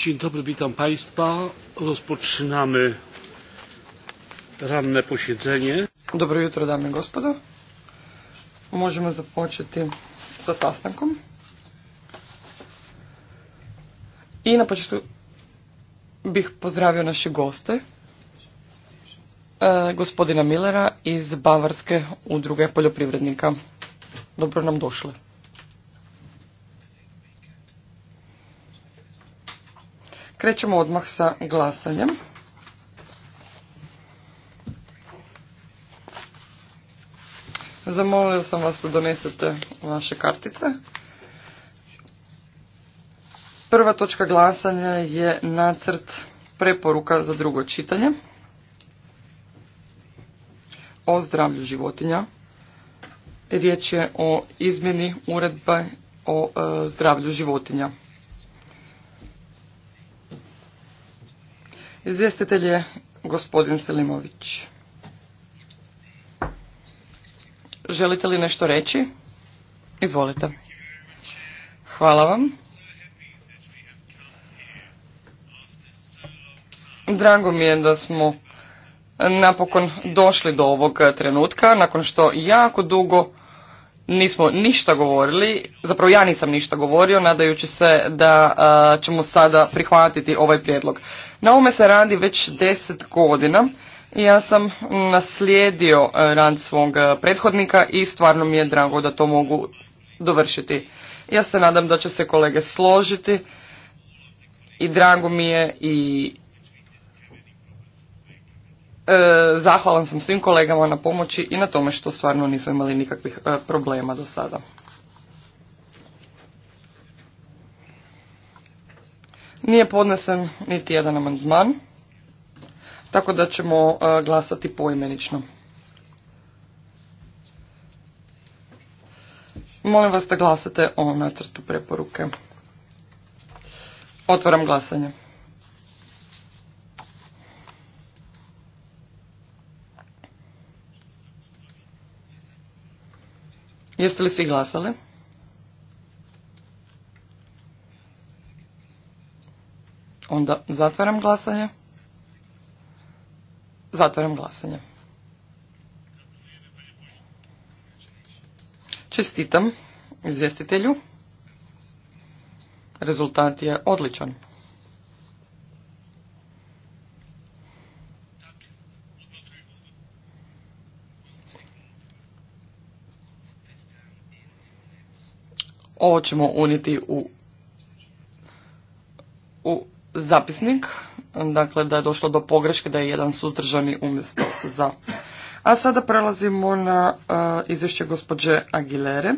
Dzień dobry, witam Państwa. Rozpoczynamy ranne posiedzenie. Dobro jutro, dame i gospodo. Možemo započeti sa sastankom. I na početku bih pozdravio naše goste, e, gospodina Millera iz Bavarske udruge poljoprivrednika. Dobro nam došli. Krećemo odmah sa glasanjem. Zamolio sam vas da donesete vaše kartice. Prva točka glasanja je nacrt preporuka za drugo čitanje o zdravlju životinja. Riječ je o izmjeni uredbe o e, zdravlju životinja. Izvjestitelj je gospodin Selimović. Želite li nešto reći? Izvolite. Hvala vam. Drago mi je da smo napokon došli do ovog trenutka, nakon što jako dugo nismo ništa govorili, zapravo ja nisam ništa govorio, nadajući se da ćemo sada prihvatiti ovaj prijedlog. Na ovome se radi već deset godina i ja sam naslijedio e, rad svog e, prethodnika i stvarno mi je drago da to mogu dovršiti. Ja se nadam da će se kolege složiti i drago mi je i e, zahvalan sam svim kolegama na pomoći i na tome što stvarno nismo imali nikakvih e, problema do sada. Nije podnesen niti jedan amandman, tako da ćemo e, glasati poimenično. Molim vas da glasate o nacrtu preporuke. Otvaram glasanje. Jeste li svi glasali? Onda zatvaram glasanje. Zatvaram glasanje. Čestitam izvjestitelju. Rezultat je odličan. Ovo ćemo uniti u zapisnik, dakle da je došlo do pogreške, da je jedan suzdržani umjesto za. A sada prelazimo na e, izvješće gospođe Aguilere.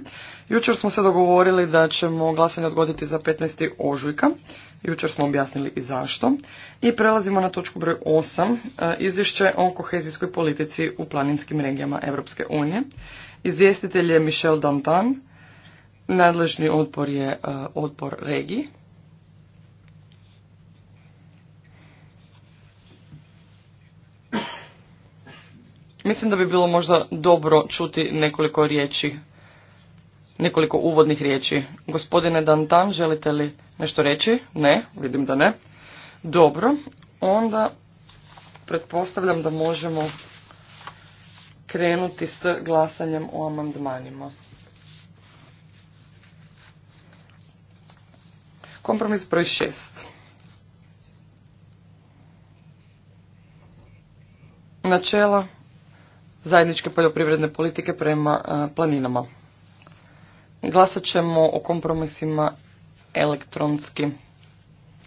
Jučer smo se dogovorili da ćemo glasanje odgoditi za 15. ožujka. Jučer smo objasnili i zašto. I prelazimo na točku broj 8, e, izvješće o kohezijskoj politici u planinskim regijama Europske unije. Izvjestitelj je Michel Dantan. Nadležni odbor je uh, odbor regiji. Mislim da bi bilo možda dobro čuti nekoliko riječi, nekoliko uvodnih riječi. Gospodine Dantan, želite li nešto reći? Ne, vidim da ne. Dobro, onda pretpostavljam da možemo krenuti s glasanjem o amandmanima. Kompromis broj šest. Načela zajedničke poljoprivredne politike prema e, planinama. Glasat ćemo o kompromisima elektronski.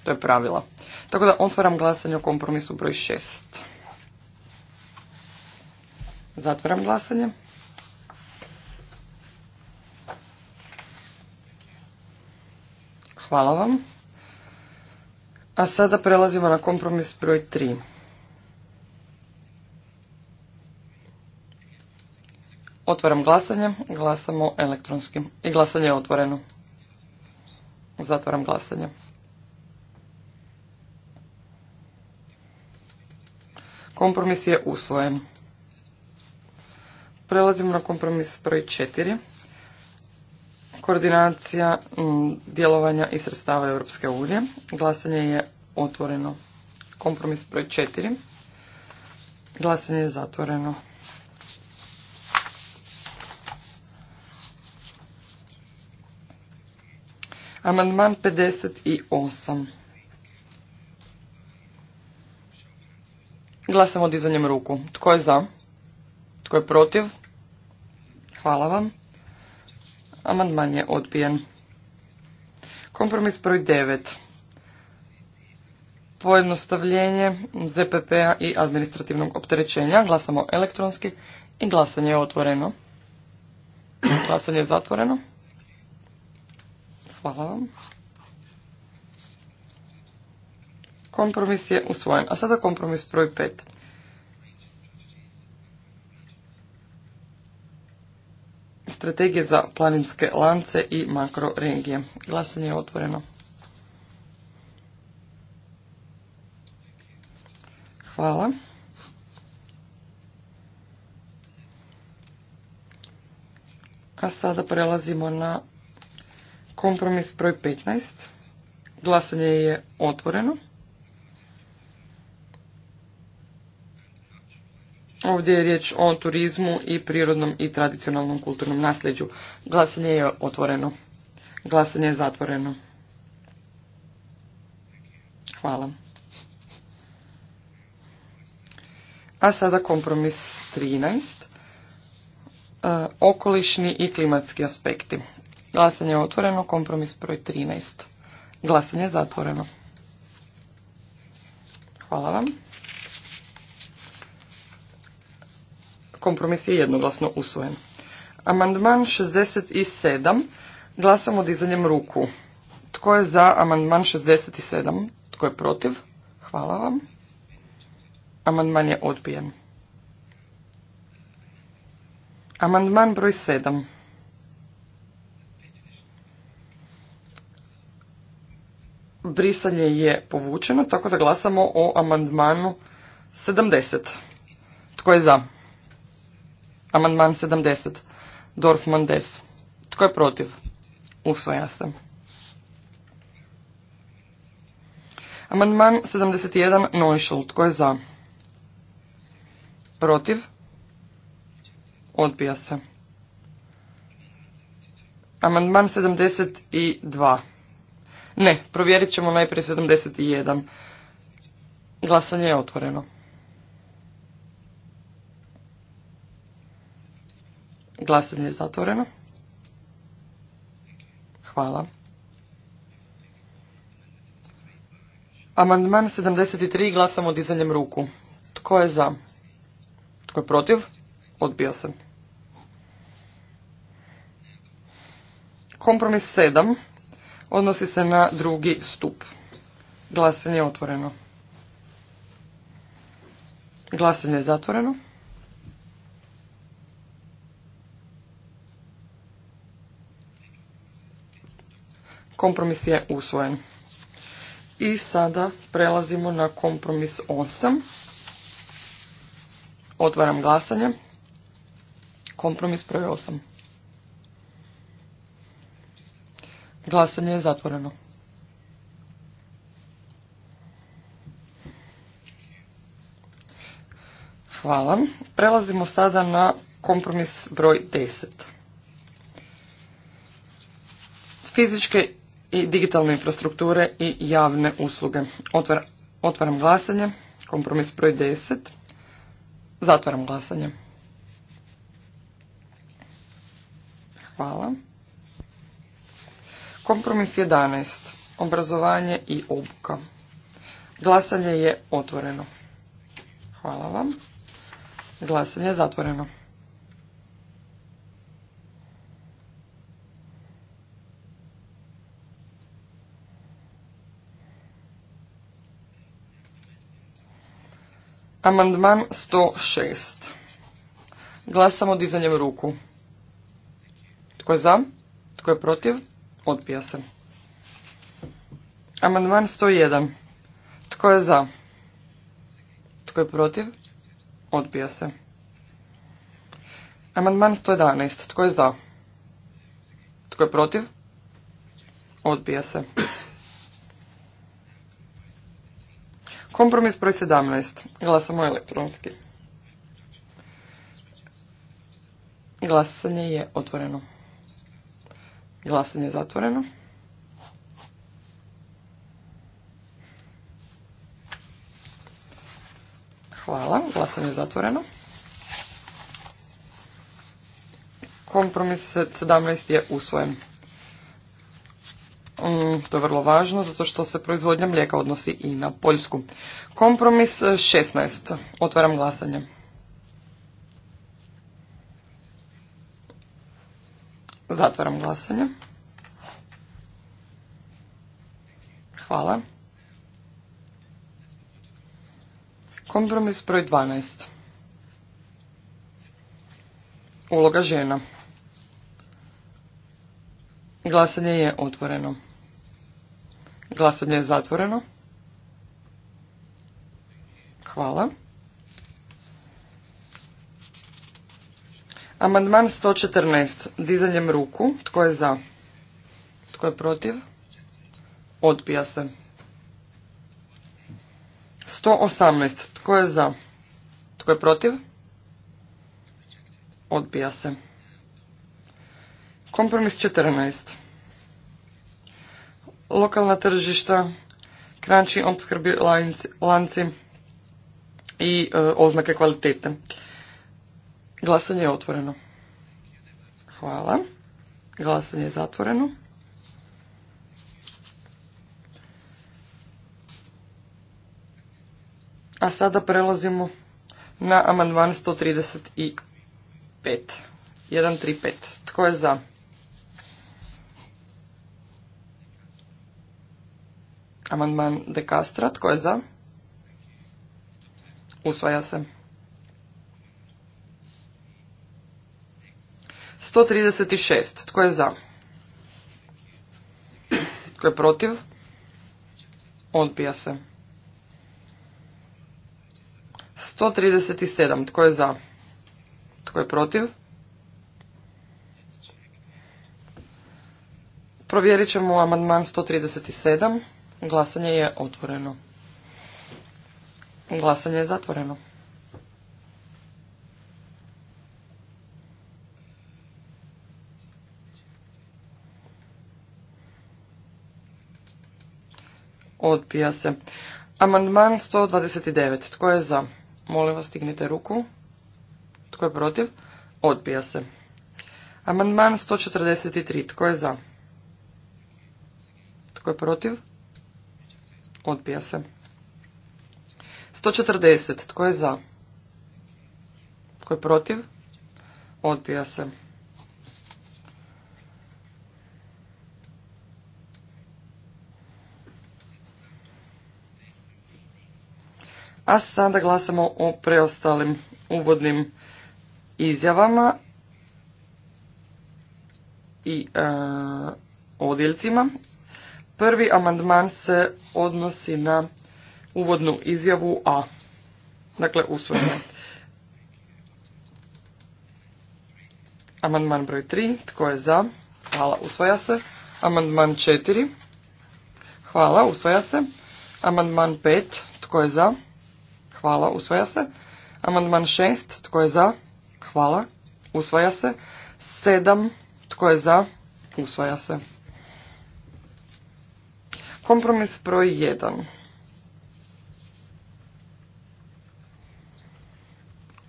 To je pravila. Tako da otvaram glasanje o kompromisu broj 6. Zatvaram glasanje. Hvala vam. A sada prelazimo na kompromis broj 3. Otvaram glasanje. Glasamo elektronskim. I glasanje je otvoreno. Zatvaram glasanje. Kompromis je usvojen. Prelazimo na kompromis broj 4. Koordinacija mm, djelovanja i sredstava Europske unije. Glasanje je otvoreno. Kompromis broj 4. Glasanje je zatvoreno. Amandman 58. Glasamo dizanjem ruku. Tko je za? Tko je protiv? Hvala vam. Amandman je odbijen. Kompromis broj 9. Pojednostavljenje ZPP-a i administrativnog opterećenja. Glasamo elektronski i glasanje je otvoreno. Glasanje je zatvoreno. Hvala vam. Kompromis je usvojen. A sada kompromis broj 5. Strategije za planinske lance i makroregije. Glasanje je otvoreno. Hvala. A sada prelazimo na Kompromis broj 15. Glasanje je otvoreno. Ovdje je riječ o turizmu i prirodnom i tradicionalnom kulturnom nasljeđu. Glasanje je otvoreno. Glasanje je zatvoreno. Hvala. A sada kompromis 13. E, okolišni i klimatski aspekti. Glasanje je otvoreno. Kompromis broj 13. Glasanje je zatvoreno. Hvala vam. Kompromis je jednoglasno usvojen. Amandman 67. Glasamo dizanjem ruku. Tko je za amandman 67? Tko je protiv? Hvala vam. Amandman je odbijen. Amandman broj 7. brisanje je povučeno, tako da glasamo o amandmanu 70. Tko je za? Amandman 70. Dorfman Des. Tko je protiv? Usvoja se. Amandman 71. Neuschel. Tko je za? Protiv? Odbija se. Amandman 72. Ne, provjerit ćemo najprije 71. Glasanje je otvoreno. Glasanje je zatvoreno. Hvala. Amandman 73 glasamo dizanjem ruku. Tko je za? Tko je protiv? Odbio se. Kompromis 7 Odnosi se na drugi stup. Glasanje je otvoreno. Glasanje je zatvoreno. Kompromis je usvojen. I sada prelazimo na kompromis 8. Otvaram glasanje. Kompromis broj 8. Glasanje je zatvoreno. Hvala. Prelazimo sada na kompromis broj 10. Fizičke i digitalne infrastrukture i javne usluge. Otvaram glasanje. Kompromis broj 10. Zatvaram glasanje. Hvala. Kompromis 11. Obrazovanje i obuka. Glasanje je otvoreno. Hvala vam. Glasanje je zatvoreno. Amandman 106. Glasamo dizanjem ruku. Tko je za? Tko je protiv? Odbija se. Amandman 101. Tko je za? Tko je protiv? Odbija se. Amandman 111. Tko je za? Tko je protiv? Odbija se. Kompromis broj 17. Glasamo elektronski. Glasanje je otvoreno. Glasanje je zatvoreno. Hvala. Glasanje je zatvoreno. Kompromis 17 je usvojen. Mm, to je vrlo važno, zato što se proizvodnja mlijeka odnosi i na Poljsku. Kompromis 16. Otvaram glasanje. Zatvaram glasanje. Hvala. Kompromis broj 12. Uloga žena. Glasanje je otvoreno. Glasanje je zatvoreno. Hvala. Amandman 114. Dizanjem ruku. Tko je za? Tko je protiv? Odbija se. 118. Tko je za? Tko je protiv? Odbija se. Kompromis 14. Lokalna tržišta, kranči, obskrbi lanci i e, oznake kvalitete. Glasanje je otvoreno. Hvala. Glasanje je zatvoreno. A sada prelazimo na amandman 135. 135. Tko je za? Amandman De Castra. Tko je za? Usvaja se. 136. Tko je za? Tko je protiv? Odbija se. 137. Tko je za? Tko je protiv? Provjerit ćemo amandman 137. Glasanje je otvoreno. Glasanje je zatvoreno. Odbija se. Amandman 129. Tko je za? Molim vas, stignite ruku. Tko je protiv? Odbija se. Amandman 143. Tko je za? Tko je protiv? Odbija se. 140. Tko je za? Tko je protiv? Odbija se. A sada glasamo o preostalim uvodnim izjavama i e, odjeljcima. Prvi amandman se odnosi na uvodnu izjavu A. Dakle, usvojeno. Amandman broj 3. Tko je za? Hvala, usvaja se. Amandman 4. Hvala, usvaja se. Amandman 5. Tko je za? Hvala. Usvaja se. Amandman šest. Tko je za? Hvala. Usvaja se. Sedam. Tko je za? Usvaja se. Kompromis broj jedan.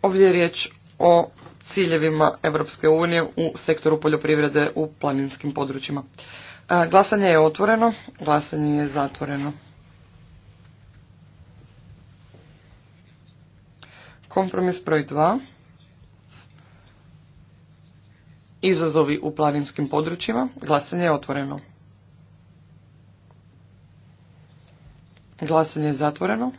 Ovdje je riječ o ciljevima Evropske unije u sektoru poljoprivrede u planinskim područjima. E, glasanje je otvoreno, glasanje je zatvoreno. Kompromis broj 2. Izazovi u planinskim područjima. Glasanje je otvoreno. Glasanje je zatvoreno.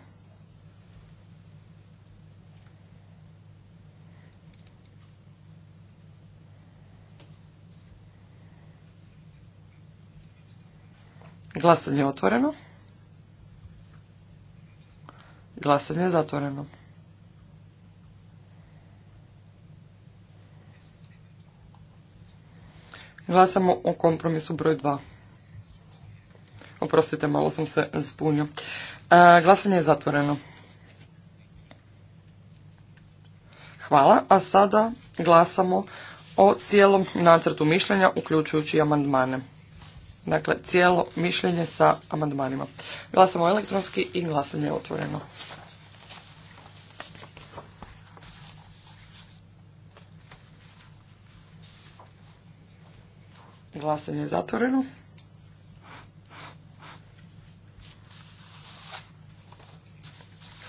Glasanje je otvoreno. Glasanje je zatvoreno. Glasamo o kompromisu broj 2. Oprostite, malo sam se zbunio. E, glasanje je zatvoreno. Hvala, a sada glasamo o cijelom nacrtu mišljenja, uključujući amandmane. Dakle, cijelo mišljenje sa amandmanima. Glasamo elektronski i glasanje je otvoreno. Glasanje je zatvoreno.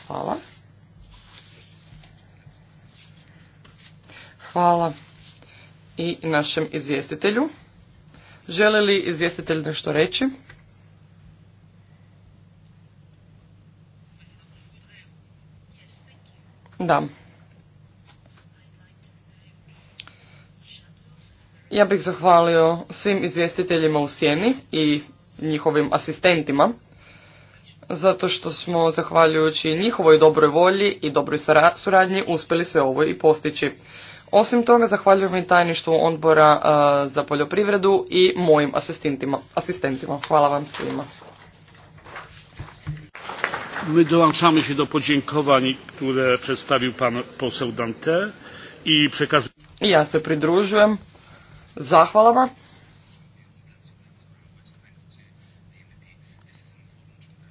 Hvala. Hvala i našem izvjestitelju. Žele li izvjestitelj nešto reći? Da. Ja bih zahvalio svim izvjestiteljima u sjeni i njihovim asistentima, zato što smo, zahvaljujući njihovoj dobroj volji i dobroj suradnji, uspjeli sve ovo i postići. Osim toga, zahvaljujem i tajništvu odbora e, za poljoprivredu i mojim asistentima. asistentima. Hvala vam svima. My dołączamy się do podziękowań, które przedstawił pan poseł Dante i Ja se pridružujem zahvalama.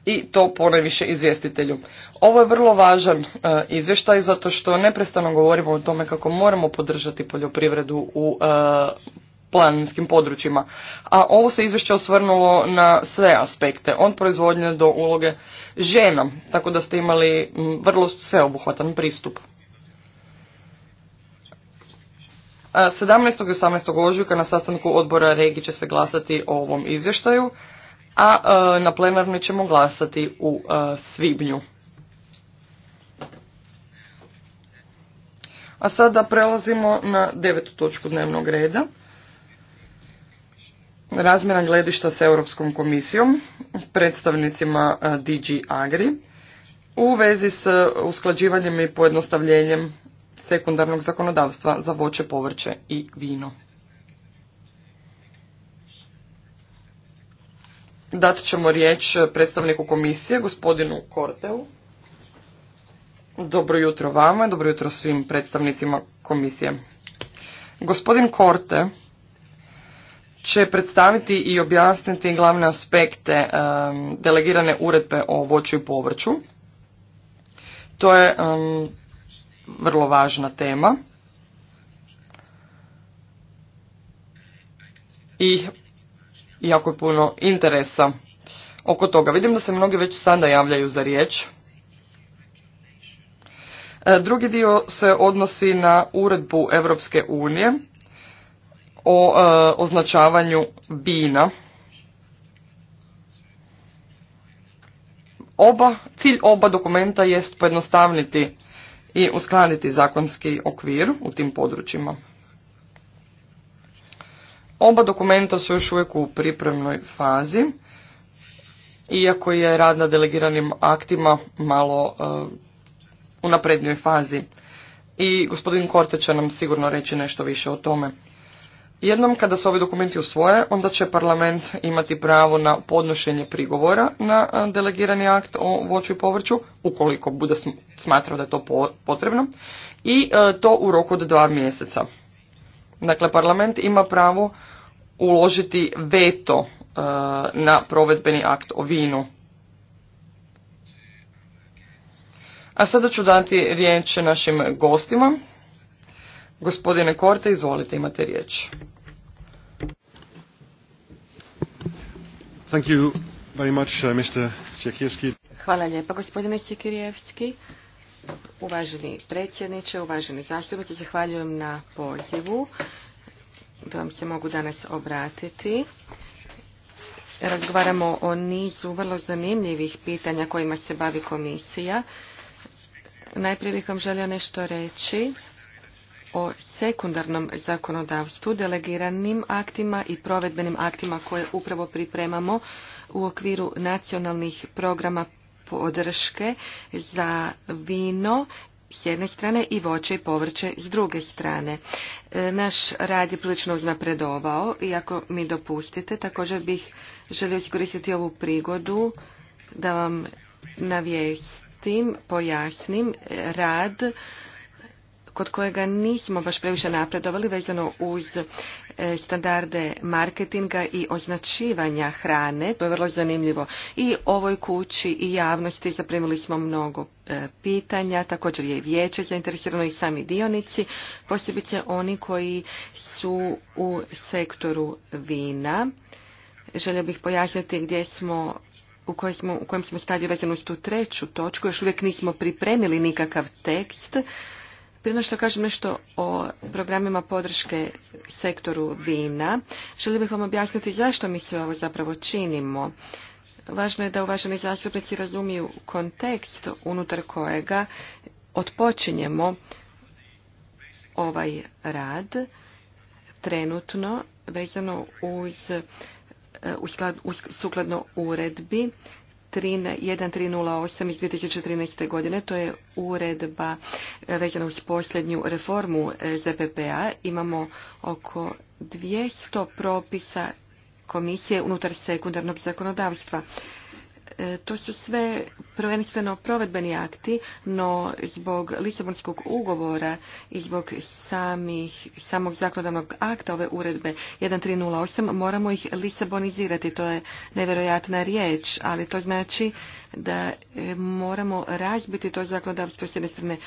I to ponajviše izvjestitelju. Ovo je vrlo važan e, izvještaj zato što neprestano govorimo o tome kako moramo podržati poljoprivredu u e, planinskim područjima. A ovo se izvješće osvrnulo na sve aspekte, od proizvodnje do uloge žena, tako da ste imali vrlo sveobuhvatan pristup. 17. i 18. ožujka na sastanku odbora regije će se glasati o ovom izvještaju, a e, na plenarni ćemo glasati u e, svibnju. A sada prelazimo na devetu točku dnevnog reda. Razmjena gledišta s Europskom komisijom, predstavnicima e, DG Agri, u vezi s usklađivanjem i pojednostavljenjem sekundarnog zakonodavstva za voće, povrće i vino. Dat ćemo riječ predstavniku komisije, gospodinu Korteu. Dobro jutro vama, dobro jutro svim predstavnicima komisije. Gospodin Korte će predstaviti i objasniti glavne aspekte delegirane uredbe o voću i povrću. To je vrlo važna tema. I jako je puno interesa oko toga. Vidim da se mnogi već sada javljaju za riječ. E, drugi dio se odnosi na uredbu Europske unije o e, označavanju bina. Oba, cilj oba dokumenta jest pojednostavniti i uskladiti zakonski okvir u tim područjima. Oba dokumenta su još uvijek u pripremnoj fazi, iako je rad na delegiranim aktima malo uh, u fazi. I gospodin Korte će nam sigurno reći nešto više o tome. Jednom kada se ovi dokumenti usvoje, onda će parlament imati pravo na podnošenje prigovora na delegirani akt o voću i povrću, ukoliko bude smatrao da je to potrebno, i e, to u roku od dva mjeseca. Dakle, parlament ima pravo uložiti veto e, na provedbeni akt o vinu. A sada ću dati riječ našim gostima. Gospodine Korte, izvolite, imate riječ. Thank you very much, uh, Mr. Hvala lijepa, gospodine Čekirijevski. Uvaženi predsjedniče, uvaženi zastupnici, zahvaljujem na pozivu da vam se mogu danas obratiti. Razgovaramo o nizu vrlo zanimljivih pitanja kojima se bavi komisija. Najprije bih vam želio nešto reći o sekundarnom zakonodavstvu, delegiranim aktima i provedbenim aktima koje upravo pripremamo u okviru nacionalnih programa podrške za vino s jedne strane i voće i povrće s druge strane. E, naš rad je prilično uznapredovao i ako mi dopustite, također bih želio iskoristiti ovu prigodu da vam navijestim, pojasnim rad kod kojega nismo baš previše napredovali vezano uz e, standarde marketinga i označivanja hrane. To je vrlo zanimljivo. I ovoj kući i javnosti zaprimili smo mnogo e, pitanja, također je i vijeće zainteresirano i sami dionici, posebice oni koji su u sektoru vina. Želio bih pojasniti gdje smo u kojem smo, u kojem smo stadiju vezano uz tu treću točku, još uvijek nismo pripremili nikakav tekst, prije ono što kažem nešto o programima podrške sektoru vina, želim bih vam objasniti zašto mi sve ovo zapravo činimo. Važno je da uvaženi zastupnici razumiju kontekst unutar kojega otpočinjemo ovaj rad trenutno vezano uz, e, uz sukladno uredbi 1308 iz 2013. godine, to je uredba e, vezana uz posljednju reformu e, ZPPA. Imamo oko 200 propisa komisije unutar sekundarnog zakonodavstva. E, to su sve prvenstveno provedbeni akti, no zbog Lisabonskog ugovora i zbog samih, samog zakonodavnog akta ove uredbe 1308 moramo ih lisabonizirati. To je nevjerojatna riječ, ali to znači da e, moramo razbiti to zakonodavstvo s jedne strane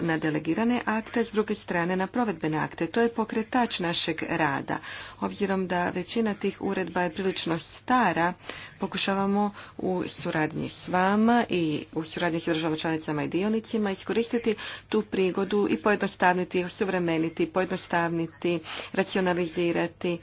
na delegirane akte, s druge strane na provedbene akte. To je pokretač našeg rada. Obzirom da većina tih uredba je prilično stara, pokušavamo u suradnji s vama i u suradnji s državom članicama i dionicima iskoristiti tu prigodu i pojednostavniti, osuvremeniti, pojednostavniti, racionalizirati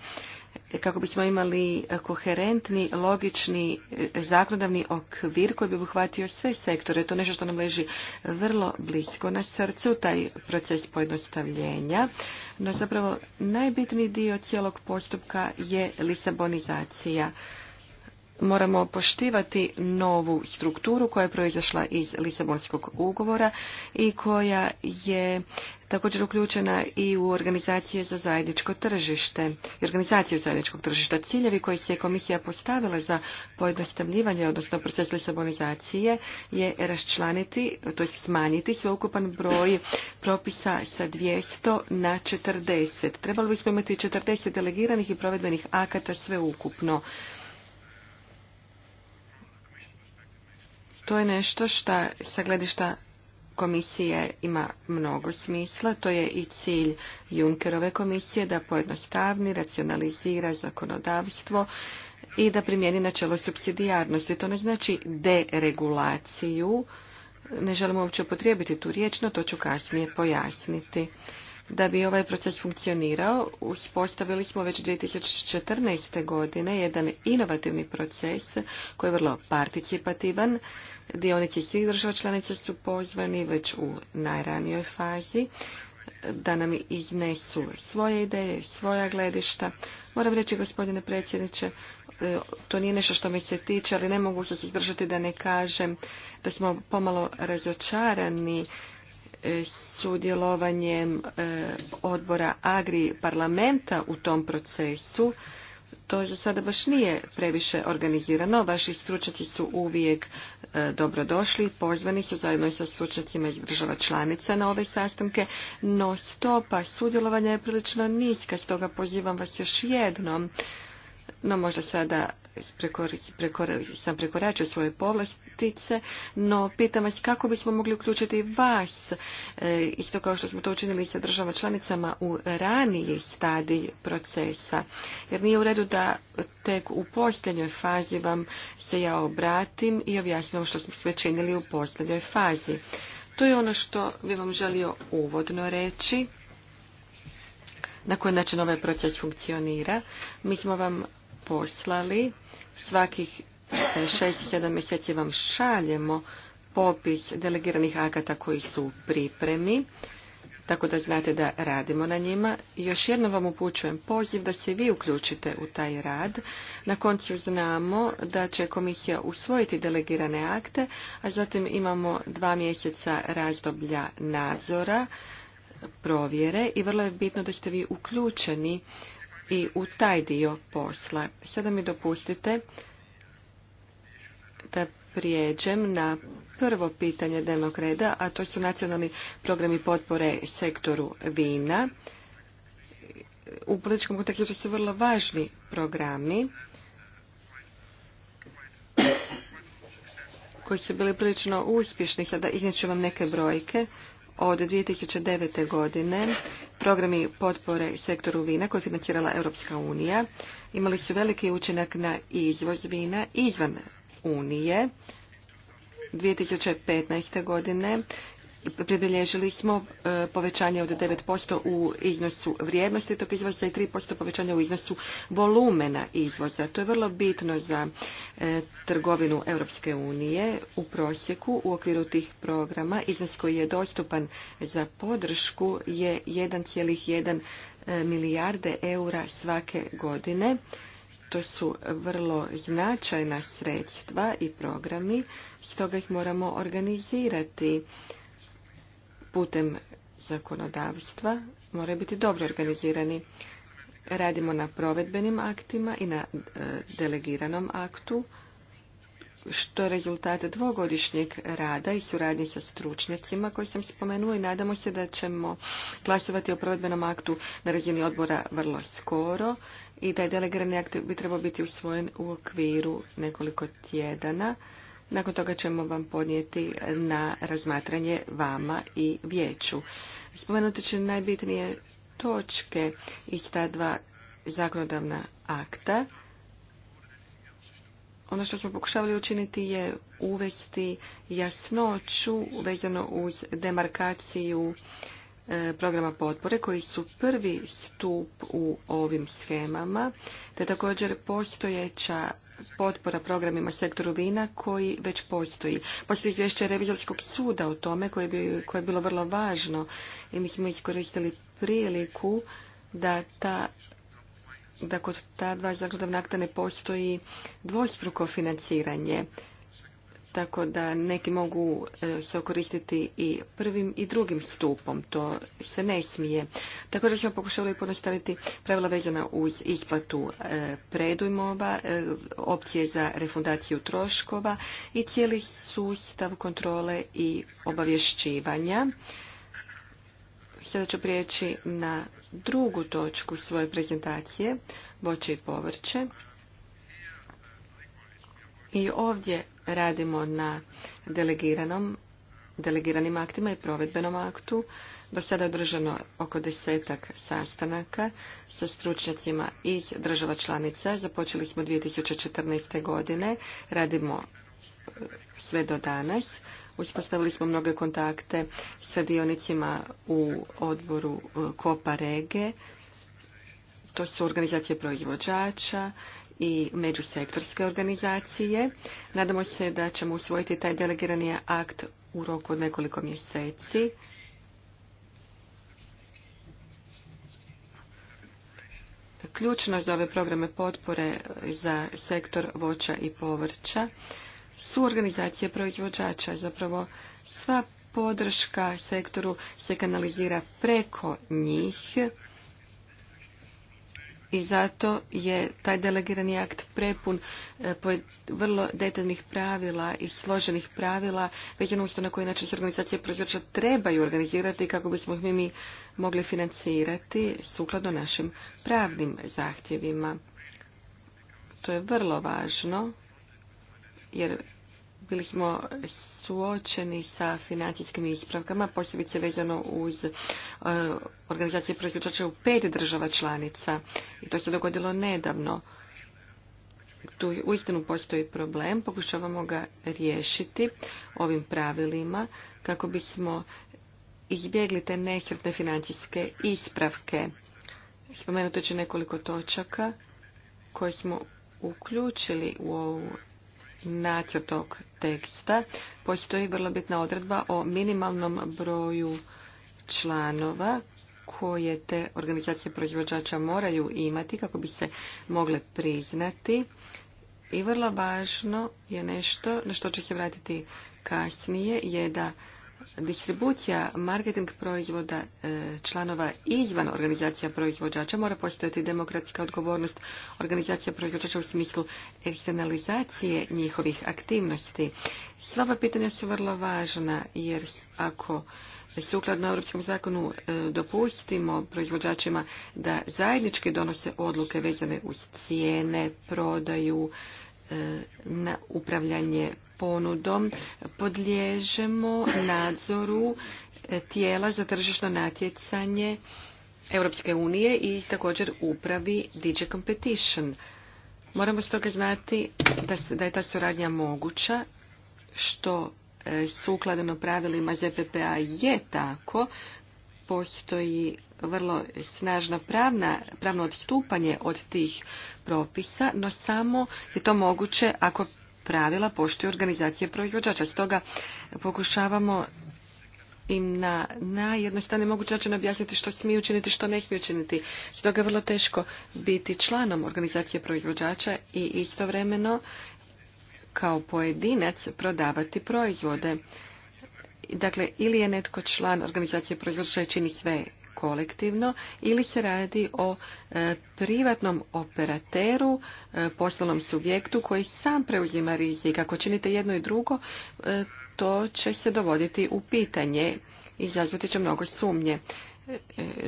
e, kako bismo imali e, koherentni, logični, e, zakonodavni okvir koji bi obuhvatio sve sektore. To je nešto što nam leži vrlo blisko na srcu, taj proces pojednostavljenja. No zapravo najbitniji dio cijelog postupka je lisabonizacija moramo poštivati novu strukturu koja je proizašla iz Lisabonskog ugovora i koja je također uključena i u organizacije za zajedničko tržište i organizaciju zajedničkog tržišta. Ciljevi koji se je komisija postavila za pojednostavljivanje, odnosno proces lisabonizacije, je raščlaniti, to je smanjiti sveukupan broj propisa sa 200 na 40. Trebalo bismo imati 40 delegiranih i provedbenih akata sveukupno. ukupno To je nešto što sa gledišta komisije ima mnogo smisla. To je i cilj Junkerove komisije da pojednostavni, racionalizira zakonodavstvo i da primijeni načelo subsidijarnosti. To ne znači deregulaciju. Ne želimo uopće upotrijebiti tu riječ, no to ću kasnije pojasniti. Da bi ovaj proces funkcionirao, uspostavili smo već 2014. godine jedan inovativni proces koji je vrlo participativan. Dionici svih država članica su pozvani već u najranijoj fazi da nam iznesu svoje ideje, svoja gledišta. Moram reći, gospodine predsjedniče, e, to nije nešto što mi se tiče, ali ne mogu se suzdržati da ne kažem da smo pomalo razočarani sudjelovanjem e, odbora Agri parlamenta u tom procesu. To za sada baš nije previše organizirano. Vaši stručnjaci su uvijek e, dobrodošli, pozvani su zajedno sa stručnjacima iz država članica na ove sastanke, no stopa sudjelovanja je prilično niska, stoga pozivam vas još jednom, no možda sada sam prekoračio svoje povlastice, no pitam vas kako bismo mogli uključiti vas, e, isto kao što smo to učinili sa državama članicama u raniji stadiji procesa, jer nije u redu da tek u posljednjoj fazi vam se ja obratim i objasnim što smo sve činili u posljednjoj fazi. To je ono što bi vam želio uvodno reći na koji način ovaj proces funkcionira. Mi smo vam poslali. Svakih šest sedam mjeseci vam šaljemo popis delegiranih akata koji su u pripremi, tako da znate da radimo na njima. Još jednom vam upućujem poziv da se vi uključite u taj rad. Na koncu znamo da će komisija usvojiti delegirane akte, a zatim imamo dva mjeseca razdoblja nadzora, provjere i vrlo je bitno da ste vi uključeni i u taj dio posla. Sada mi dopustite da prijeđem na prvo pitanje dnevnog reda, a to su nacionalni programi potpore sektoru vina. U političkom kontekstu su vrlo važni programi koji su bili prilično uspješni. Sada iznijet ću vam neke brojke. Od 2009. godine Programi potpore sektoru vina koje je financirala Europska unija imali su veliki učinak na izvoz vina izvan Unije. 2015. godine pribilježili smo e, povećanje od 9% u iznosu vrijednosti tog izvoza i 3% povećanja u iznosu volumena izvoza. To je vrlo bitno za e, trgovinu Europske unije u prosjeku u okviru tih programa. Iznos koji je dostupan za podršku je 1,1 e, milijarde eura svake godine. To su vrlo značajna sredstva i programi, stoga ih moramo organizirati putem zakonodavstva moraju biti dobro organizirani. Radimo na provedbenim aktima i na e, delegiranom aktu, što je rezultat dvogodišnjeg rada i suradnje sa stručnjacima koji sam spomenula i nadamo se da ćemo glasovati o provedbenom aktu na razini odbora vrlo skoro i da je delegirani akt bi trebao biti usvojen u okviru nekoliko tjedana. Nakon toga ćemo vam podnijeti na razmatranje vama i vijeću. Spomenuti ću najbitnije točke iz ta dva zakonodavna akta. Ono što smo pokušavali učiniti je uvesti jasnoću vezano uz demarkaciju e, programa potpore koji su prvi stup u ovim schemama, te također postojeća potpora programima sektoru vina koji već postoji. Postoji izvješće revizorskog suda o tome koje, bi, koje je bilo vrlo važno i mi smo iskoristili priliku da ta da kod ta dva zakonodavna akta ne postoji dvostruko financiranje tako da neki mogu e, se okoristiti i prvim i drugim stupom. To se ne smije. Također smo pokušali podostaviti pravila vezana uz isplatu e, predujmova, e, opcije za refundaciju troškova i cijeli sustav kontrole i obavješćivanja. Sada ću prijeći na drugu točku svoje prezentacije, voće i povrće. I ovdje radimo na delegiranom, delegiranim aktima i provedbenom aktu. Do sada je održano oko desetak sastanaka sa stručnjacima iz država članica. Započeli smo 2014. godine. Radimo e, sve do danas. Uspostavili smo mnoge kontakte sa dionicima u odboru e, Kopa Rege. To su organizacije proizvođača, i međusektorske organizacije. Nadamo se da ćemo usvojiti taj delegirani akt u roku od nekoliko mjeseci. Ključno za ove programe potpore za sektor voća i povrća su organizacije proizvođača. Zapravo sva podrška sektoru se kanalizira preko njih i zato je taj delegirani akt prepun e, vrlo detaljnih pravila i složenih pravila, već na koji način se organizacije proizvođača trebaju organizirati kako bismo ih mi mogli financirati sukladno našim pravnim zahtjevima. To je vrlo važno jer bili smo suočeni sa financijskim ispravkama, posebice vezano uz e, organizacije proizvođača u pet država članica. I to se dogodilo nedavno. Tu uistinu postoji problem, pokušavamo ga riješiti ovim pravilima kako bismo izbjegli te nesretne financijske ispravke. Spomenuto će nekoliko točaka koje smo uključili u ovu nacrtog teksta postoji vrlo bitna odredba o minimalnom broju članova koje te organizacije proizvođača moraju imati kako bi se mogle priznati. I vrlo važno je nešto na što će se vratiti kasnije je da distribucija marketing proizvoda e, članova izvan organizacija proizvođača mora postojati demokratska odgovornost organizacija proizvođača u smislu eksternalizacije njihovih aktivnosti. Sva ova pitanja su vrlo važna jer ako sukladno Europskom zakonu e, dopustimo proizvođačima da zajednički donose odluke vezane uz cijene, prodaju, E, na upravljanje ponudom podliježemo nadzoru e, tijela za tržišno natjecanje Europske unije i također upravi DJ Competition. Moramo stoga znati da, da je ta suradnja moguća, što e, sukladno pravilima ZPPA je tako, postoji vrlo snažno pravna, pravno odstupanje od tih propisa, no samo je to moguće ako pravila poštuju organizacije proizvođača. Stoga pokušavamo im na najjednostavniji mogući način objasniti što smiju učiniti, što ne smije učiniti. Stoga je vrlo teško biti članom organizacije proizvođača i istovremeno kao pojedinac prodavati proizvode. Dakle, ili je netko član organizacije proizvođača čini sve kolektivno ili se radi o e, privatnom operateru, e, poslovnom subjektu koji sam preuzima rizik. Ako činite jedno i drugo, e, to će se dovoditi u pitanje i izazvati će mnogo sumnje.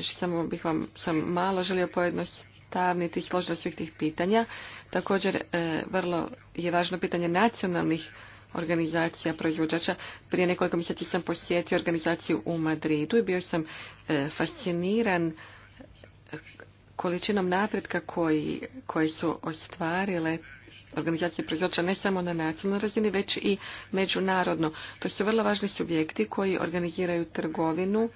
Samo bih vam sam malo želio pojednostavniti složnost svih tih pitanja. Također, vrlo je važno pitanje nacionalnih organizacija proizvođača. Prije nekoliko mjeseci sam posjetio organizaciju u Madridu i bio sam e, fasciniran e, količinom napretka koji, koje su ostvarile organizacije proizvođača ne samo na nacionalnoj razini, već i međunarodno. To su vrlo važni subjekti koji organiziraju trgovinu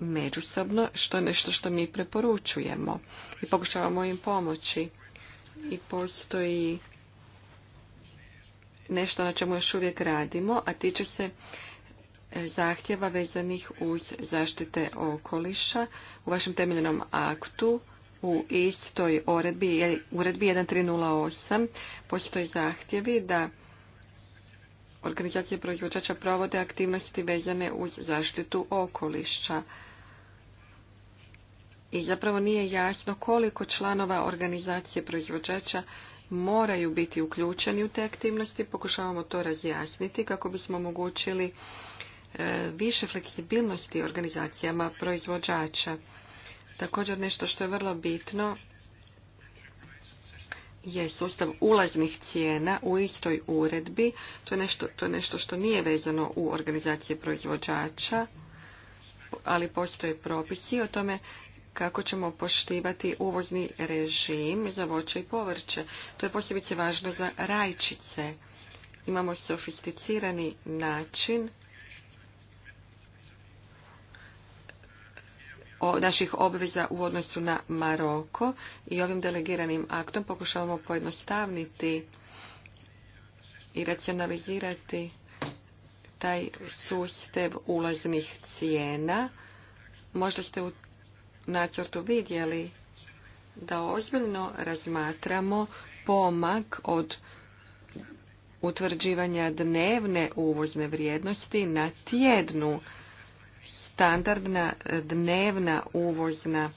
međusobno, što je nešto što mi preporučujemo i pokušavamo im pomoći. I postoji nešto na čemu još uvijek radimo, a tiče se e, zahtjeva vezanih uz zaštite okoliša. U vašem temeljenom aktu u istoj uredbi, uredbi 1308 postoji zahtjevi da organizacije proizvođača provode aktivnosti vezane uz zaštitu okoliša. I zapravo nije jasno koliko članova organizacije proizvođača moraju biti uključeni u te aktivnosti. Pokušavamo to razjasniti kako bismo omogućili e, više fleksibilnosti organizacijama proizvođača. Također nešto što je vrlo bitno je sustav ulaznih cijena u istoj uredbi. To je nešto, to nešto što nije vezano u organizacije proizvođača ali postoje propisi o tome kako ćemo poštivati uvozni režim za voće i povrće. To je posebice važno za rajčice. Imamo sofisticirani način naših obveza u odnosu na Maroko i ovim delegiranim aktom pokušavamo pojednostavniti i racionalizirati taj sustav ulaznih cijena. Možda ste u nacrtu vidjeli da ozbiljno razmatramo pomak od utvrđivanja dnevne uvozne vrijednosti na tjednu standardna dnevna uvozna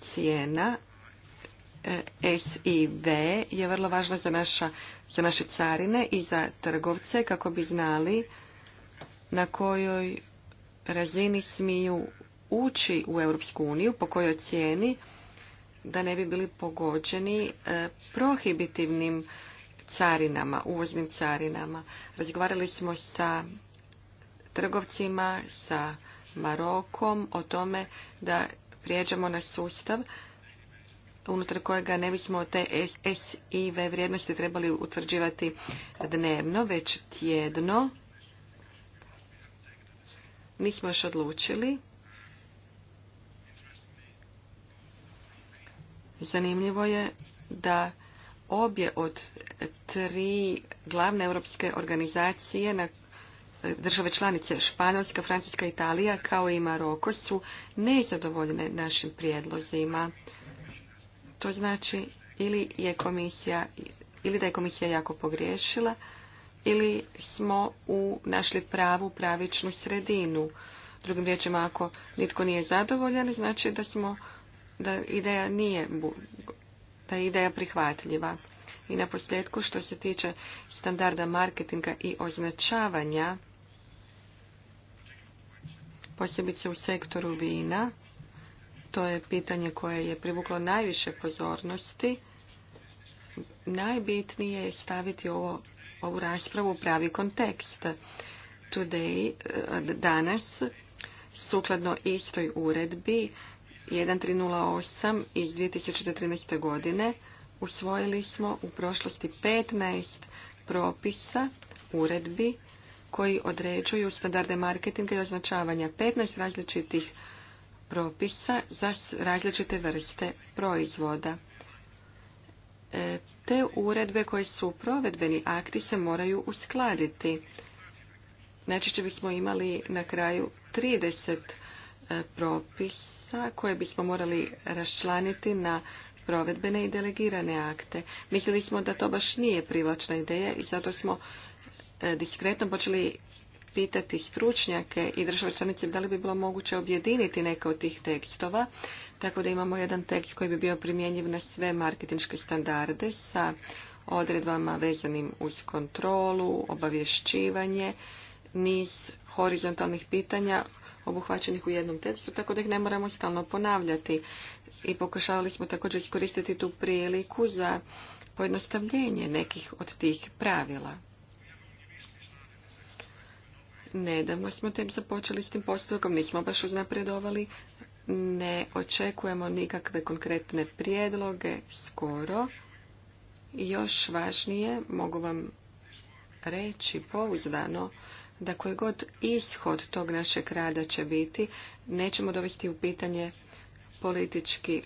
cijena e, SIV je vrlo važna za, naša, za naše carine i za trgovce kako bi znali na kojoj razini smiju ući u Europsku uniju, po kojoj cijeni da ne bi bili pogođeni e, prohibitivnim carinama, uvoznim carinama. Razgovarali smo sa trgovcima, sa Marokom o tome da prijeđemo na sustav unutar kojega ne bismo te SIV vrijednosti trebali utvrđivati dnevno, već tjedno. Nismo još odlučili. Zanimljivo je da obje od tri glavne europske organizacije na države članice Španjolska, Francuska, i Italija kao i Maroko su nezadovoljne našim prijedlozima. To znači ili je komisija ili da je komisija jako pogriješila ili smo u našli pravu pravičnu sredinu. Drugim riječima, ako nitko nije zadovoljan, znači da smo da ideja nije, da je ideja prihvatljiva. I na posljedku što se tiče standarda marketinga i označavanja, posebice u sektoru vina, to je pitanje koje je privuklo najviše pozornosti. Najbitnije je staviti ovo, ovu raspravu u pravi kontekst. Today, eh, danas, sukladno istoj uredbi, 1308 iz 2014. godine usvojili smo u prošlosti 15 propisa, uredbi koji određuju standarde marketinga i označavanja 15 različitih propisa za različite vrste proizvoda. E, te uredbe koje su provedbeni akti se moraju uskladiti. Najčešće bismo imali na kraju 30 E, propisa koje bismo morali raščlaniti na provedbene i delegirane akte. Mislili smo da to baš nije privlačna ideja i zato smo e, diskretno počeli pitati stručnjake i države članice da li bi bilo moguće objediniti neke od tih tekstova, tako da imamo jedan tekst koji bi bio primjenjiv na sve marketinške standarde sa odredbama vezanim uz kontrolu, obavješćivanje, niz horizontalnih pitanja obuhvaćenih u jednom tekstu, tako da ih ne moramo stalno ponavljati. I pokušavali smo također iskoristiti tu priliku za pojednostavljenje nekih od tih pravila. Nedavno smo tem započeli s tim postupkom, nismo baš uznapredovali, ne očekujemo nikakve konkretne prijedloge skoro. Još važnije mogu vam reći pouzdano da koji god ishod tog našeg rada će biti, nećemo dovesti u pitanje politički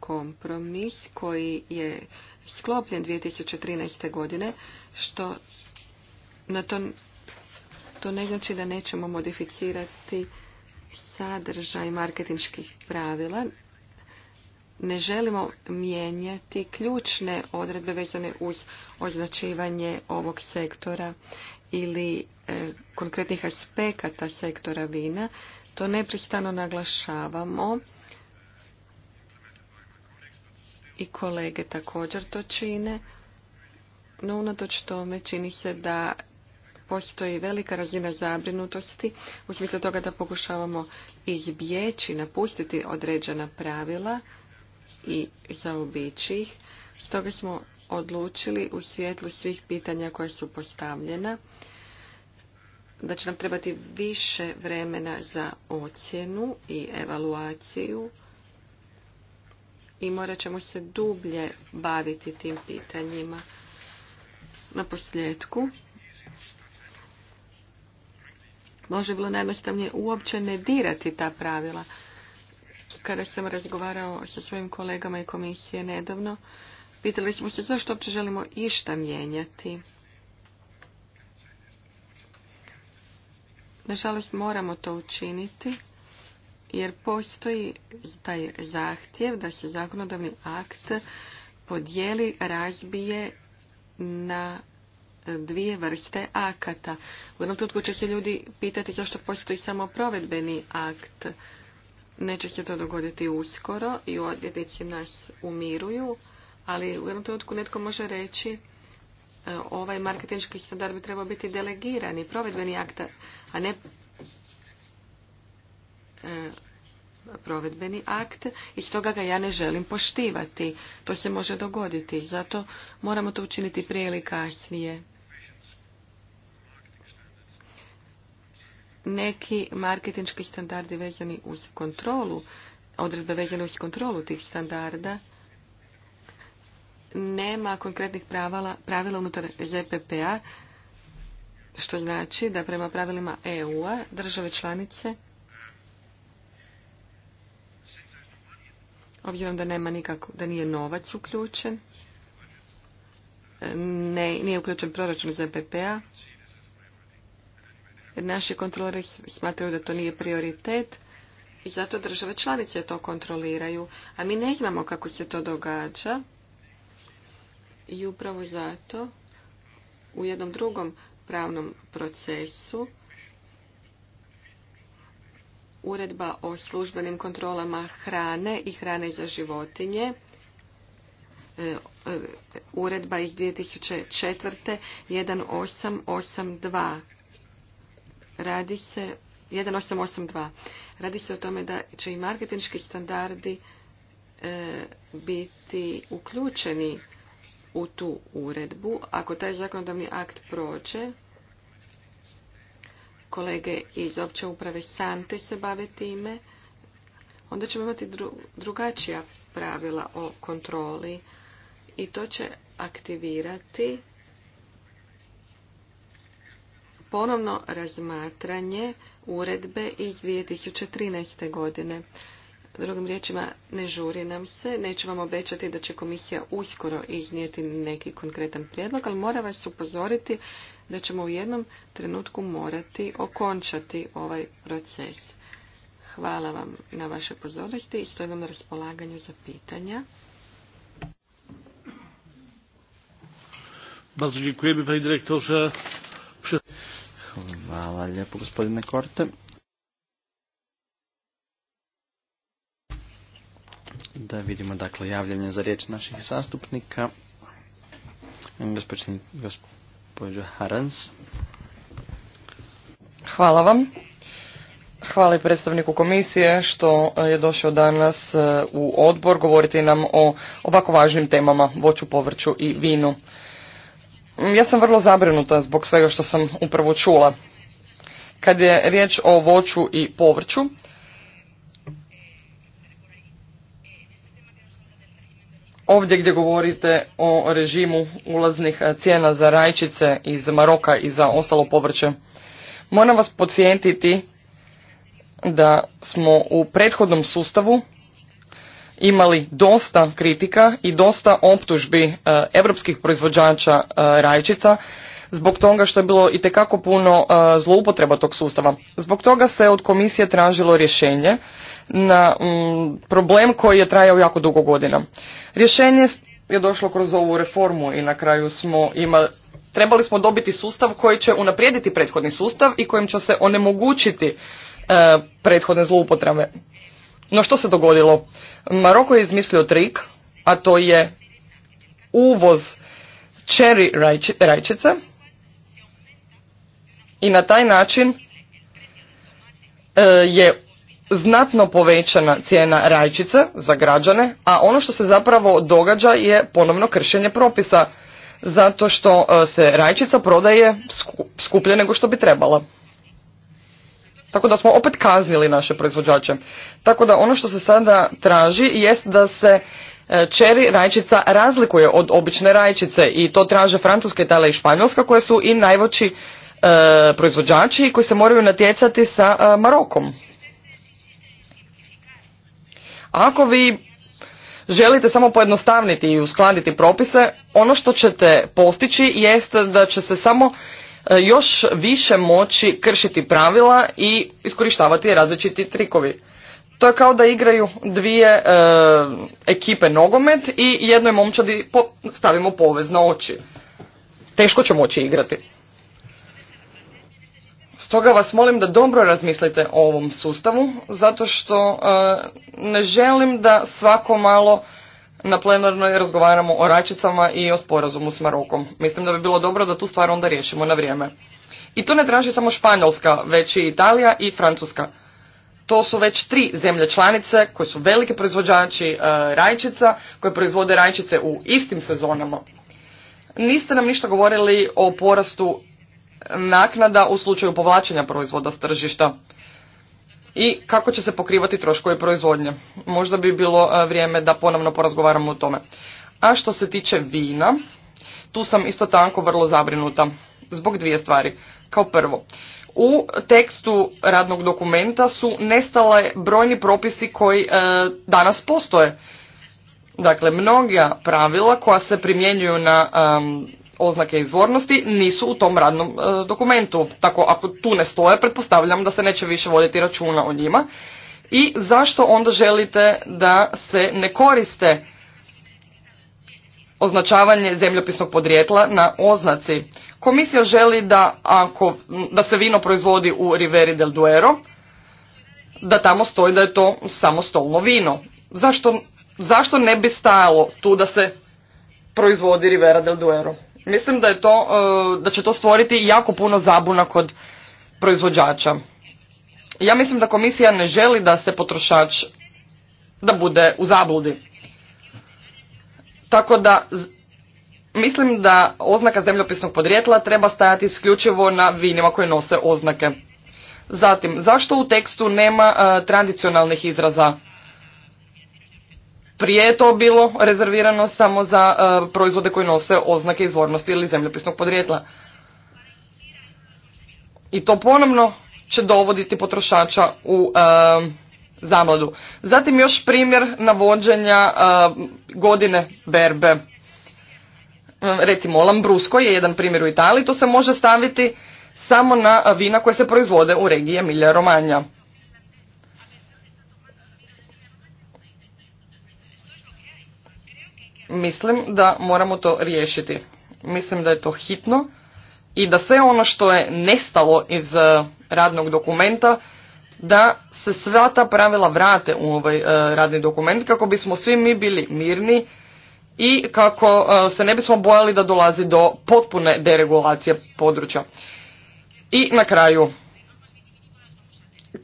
kompromis koji je sklopljen 2013. godine, što na to, to ne znači da nećemo modificirati sadržaj marketinških pravila, ne želimo mijenjati ključne odredbe vezane uz označivanje ovog sektora ili e, konkretnih aspekata sektora vina. To nepristano naglašavamo i kolege također to čine, no unatoč tome čini se da postoji velika razina zabrinutosti u smislu toga da pokušavamo izbjeći, napustiti određena pravila i zaobičih. Stoga smo odlučili u svjetlu svih pitanja koja su postavljena da će nam trebati više vremena za ocjenu i evaluaciju i morat ćemo se dublje baviti tim pitanjima. Na posljedku, može bilo najjednostavnije uopće ne dirati ta pravila kada sam razgovarao sa svojim kolegama i komisije nedavno, pitali smo se zašto uopće želimo išta mijenjati. Nažalost, moramo to učiniti, jer postoji taj zahtjev da se zakonodavni akt podijeli, razbije na dvije vrste akata. U jednom trenutku će se ljudi pitati zašto postoji samo provedbeni akt, Neće se to dogoditi uskoro i odvjetnici nas umiruju, ali u jednom trenutku netko može reći e, ovaj marketinški standard bi trebao biti delegirani, provedbeni akt, a ne e, provedbeni akt i stoga ga ja ne želim poštivati. To se može dogoditi, zato moramo to učiniti prije ili kasnije. neki marketinški standardi vezani uz kontrolu, odredbe vezane uz kontrolu tih standarda, nema konkretnih pravila, pravila unutar zpp što znači da prema pravilima EU-a države članice, obzirom da nema nikako, da nije novac uključen, ne, nije uključen proračun ZPP-a, Naši kontrolori smatraju da to nije prioritet i zato države članice to kontroliraju, a mi ne znamo kako se to događa. I upravo zato u jednom drugom pravnom procesu uredba o službenim kontrolama hrane i hrane za životinje e, e, uredba iz 2004. 1882 Radi se 1882. Radi se o tome da će i marketinški standardi e, biti uključeni u tu uredbu. Ako taj zakonodavni akt prođe, kolege iz opće uprave Sante se bave time, onda ćemo imati drugačija pravila o kontroli i to će aktivirati ponovno razmatranje uredbe iz 2013. godine. Drugim riječima, ne žuri nam se, neću vam obećati da će komisija uskoro iznijeti neki konkretan prijedlog, ali mora vas upozoriti da ćemo u jednom trenutku morati okončati ovaj proces. Hvala vam na vašoj pozornosti i stojim vam na raspolaganju za pitanja. Bardzo dziękujemy dyrektorze. Hvala lijepo gospodine Korte. Da vidimo dakle javljanje za riječ naših zastupnika. Gospodin, gospođa Harans. Hvala vam. Hvala i predstavniku komisije što je došao danas e, u odbor govoriti nam o ovako važnim temama, voću, povrću i vinu. Mm, ja sam vrlo zabrinuta zbog svega što sam upravo čula. Kad je riječ o voću i povrću, ovdje gdje govorite o režimu ulaznih eh, cijena za rajčice iz Maroka i za ostalo povrće, moram vas podsjetiti da smo u prethodnom sustavu imali dosta kritika i dosta optužbi europskih proizvođača e, rajčica zbog toga što je bilo itekako puno e, zloupotreba tog sustava. Zbog toga se od komisije tražilo rješenje na problem koji je trajao jako dugo godina. Rješenje je došlo kroz ovu reformu i na kraju smo imali trebali smo dobiti sustav koji će unaprijediti prethodni sustav i kojim će se onemogućiti e, prethodne zloupotrebe. No što se dogodilo? Maroko je izmislio trik, a to je uvoz čeri rajčice i na taj način e, je znatno povećana cijena rajčice za građane, a ono što se zapravo događa je ponovno kršenje propisa zato što e, se rajčica prodaje skuplje nego što bi trebala. Tako da smo opet kaznili naše proizvođače. Tako da ono što se sada traži jest da se e, čeri rajčica razlikuje od obične rajčice i to traže Francuska, Italija i Španjolska koje su i najvoći e, proizvođači i koji se moraju natjecati sa e, Marokom. Ako vi želite samo pojednostavniti i uskladiti propise, ono što ćete postići jest da će se samo E, još više moći kršiti pravila i iskorištavati različiti trikovi. To je kao da igraju dvije e, ekipe nogomet i jednoj momčadi po, stavimo povez na oči. Teško će moći igrati. Stoga vas molim da dobro razmislite o ovom sustavu, zato što e, ne želim da svako malo na plenarnoj razgovaramo o rajčicama i o sporazumu s Marokom. Mislim da bi bilo dobro da tu stvar onda riješimo na vrijeme. I to ne traži samo Španjolska, već i Italija i Francuska. To su već tri zemlje članice koje su veliki proizvođači e, rajčica, koje proizvode rajčice u istim sezonama. Niste nam ništa govorili o porastu naknada u slučaju povlačenja proizvoda s tržišta i kako će se pokrivati troškovi proizvodnje. Možda bi bilo e, vrijeme da ponovno porazgovaramo o tome. A što se tiče vina, tu sam isto tako vrlo zabrinuta zbog dvije stvari. Kao prvo, u tekstu radnog dokumenta su nestale brojni propisi koji e, danas postoje. Dakle, mnoga pravila koja se primjenjuju na oznake izvornosti nisu u tom radnom e, dokumentu. Tako ako tu ne stoje, pretpostavljam da se neće više voditi računa o njima. I zašto onda želite da se ne koriste označavanje zemljopisnog podrijetla na oznaci? Komisija želi da, ako, da se vino proizvodi u Riveri del Duero, da tamo stoji da je to samo stolno vino. Zašto, zašto ne bi stajalo tu da se proizvodi Rivera del Duero? Mislim da, je to, e, da će to stvoriti jako puno zabuna kod proizvođača. Ja mislim da komisija ne želi da se potrošač da bude u zabludi. Tako da mislim da oznaka zemljopisnog podrijetla treba stajati isključivo na vinima koje nose oznake. Zatim, zašto u tekstu nema e, tradicionalnih izraza? Prije je to bilo rezervirano samo za e, proizvode koji nose oznake izvornosti ili zemljopisnog podrijetla. I to ponovno će dovoditi potrošača u uh, zamladu. Zatim još primjer navođenja e, godine berbe. Recimo Lambrusco je jedan primjer u Italiji, to se može staviti samo na vina koje se proizvode u regiji Emilia Romagna. Mislim da moramo to riješiti. Mislim da je to hitno i da sve ono što je nestalo iz e, radnog dokumenta da se sva ta pravila vrate u ovaj e, radni dokument kako bismo svi mi bili mirni i kako e, se ne bismo bojali da dolazi do potpune deregulacije područja. I na kraju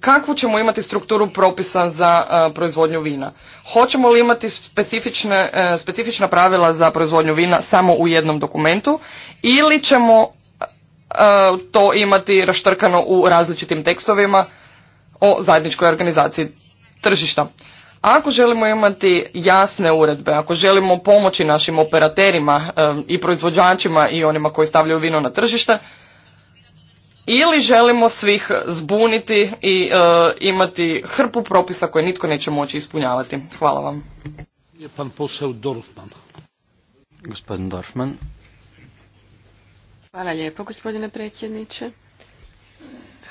kakvu ćemo imati strukturu propisa za e, proizvodnju vina? Hoćemo li imati e, specifična pravila za proizvodnju vina samo u jednom dokumentu ili ćemo e, to imati raštrkano u različitim tekstovima o zajedničkoj organizaciji tržišta? Ako želimo imati jasne uredbe, ako želimo pomoći našim operaterima i proizvođačima i onima koji stavljaju vino na tržište, ili želimo svih zbuniti i e, imati hrpu propisa koje nitko neće moći ispunjavati. Hvala vam. Je pan posao Dorfman. Gospodin Dorfman. Hvala lijepo gospodine predsjedniče.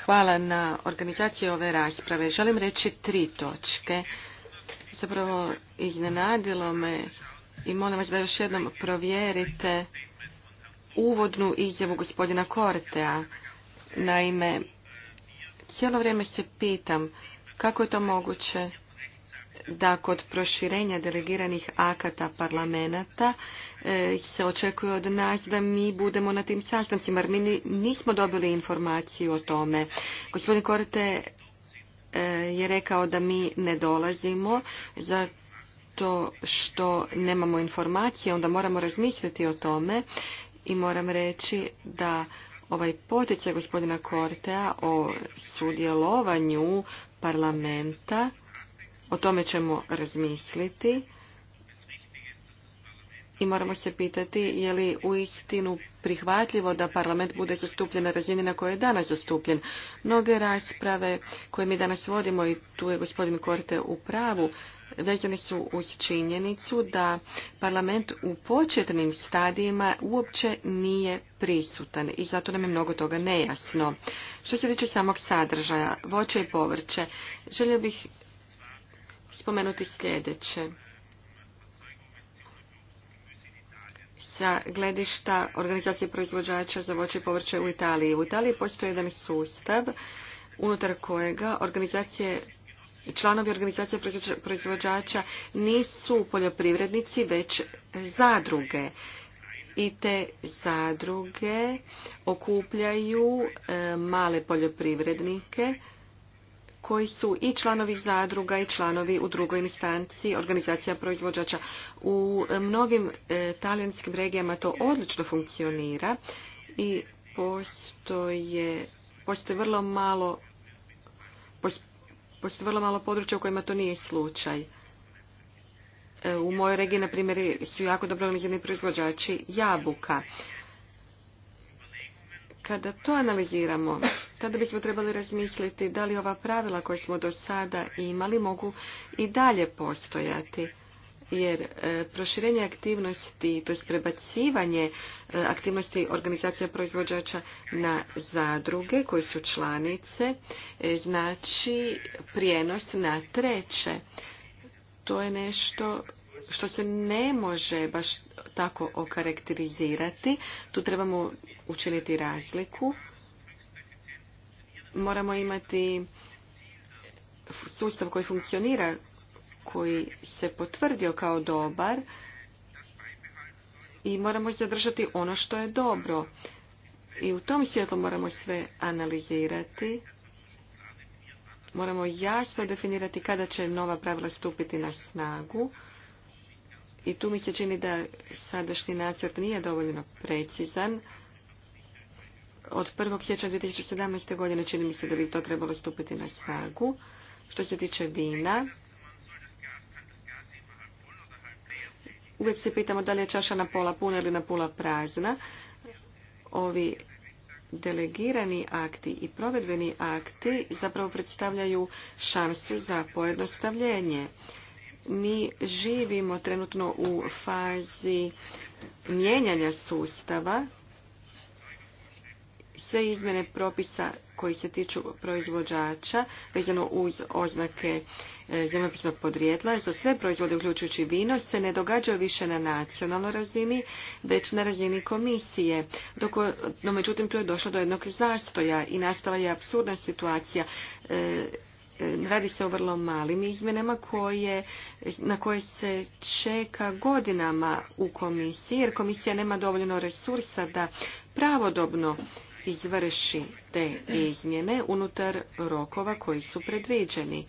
Hvala na organizaciji ove rasprave. Želim reći tri točke. Zapravo iznenadilo me i molim vas da još jednom provjerite uvodnu izjavu gospodina Kortea Naime, cijelo vrijeme se pitam kako je to moguće da kod proširenja delegiranih akata parlamenta e, se očekuje od nas da mi budemo na tim sastancima, jer mi nismo dobili informaciju o tome. Gospodin Korte e, je rekao da mi ne dolazimo zato što nemamo informacije, onda moramo razmisliti o tome i moram reći da ovaj poticaj gospodina Kortea o sudjelovanju parlamenta, o tome ćemo razmisliti i moramo se pitati je li u istinu prihvatljivo da parlament bude zastupljen na razini na kojoj je danas zastupljen. Mnoge rasprave koje mi danas vodimo i tu je gospodin Korte u pravu, vezane su uz činjenicu da parlament u početnim stadijima uopće nije prisutan i zato nam je mnogo toga nejasno. Što se tiče samog sadržaja, voće i povrće, želio bih spomenuti sljedeće. sa gledišta organizacije proizvođača za voće i povrće u Italiji. U Italiji postoji jedan sustav unutar kojega organizacije članovi organizacije proizvođača nisu poljoprivrednici, već zadruge. I te zadruge okupljaju e, male poljoprivrednike koji su i članovi zadruga i članovi u drugoj instanci organizacija proizvođača. U mnogim e, talijanskim regijama to odlično funkcionira i postoje, postoje vrlo malo vrlo malo područja u kojima to nije slučaj. E, u mojoj regiji, na primjer, su jako dobro organizirani proizvođači jabuka. Kada to analiziramo, tada bismo trebali razmisliti da li ova pravila koje smo do sada imali mogu i dalje postojati jer e, proširenje aktivnosti, to je prebacivanje e, aktivnosti organizacija proizvođača na zadruge koje su članice, e, znači prijenos na treće. To je nešto što se ne može baš tako okarakterizirati. Tu trebamo učiniti razliku moramo imati sustav koji funkcionira, koji se potvrdio kao dobar i moramo zadržati ono što je dobro. I u tom svjetlu moramo sve analizirati. Moramo jasno definirati kada će nova pravila stupiti na snagu. I tu mi se čini da sadašnji nacrt nije dovoljno precizan od 1. siječnja 2017. godine čini mi se da bi to trebalo stupiti na snagu. Što se tiče vina, uvijek se pitamo da li je čaša na pola puna ili na pola prazna. Ovi delegirani akti i provedbeni akti zapravo predstavljaju šansu za pojednostavljenje. Mi živimo trenutno u fazi mijenjanja sustava sve izmjene propisa koji se tiču proizvođača vezano uz oznake e, zemljopisnog podrijetla za sve proizvode uključujući vino se ne događaju više na nacionalnoj razini već na razini komisije Dok, no međutim tu je došlo do jednog zastoja i nastala je apsurdna situacija e, e, Radi se o vrlo malim izmjenama koje, na koje se čeka godinama u komisiji, jer komisija nema dovoljno resursa da pravodobno izvrši te izmjene unutar rokova koji su predviđeni.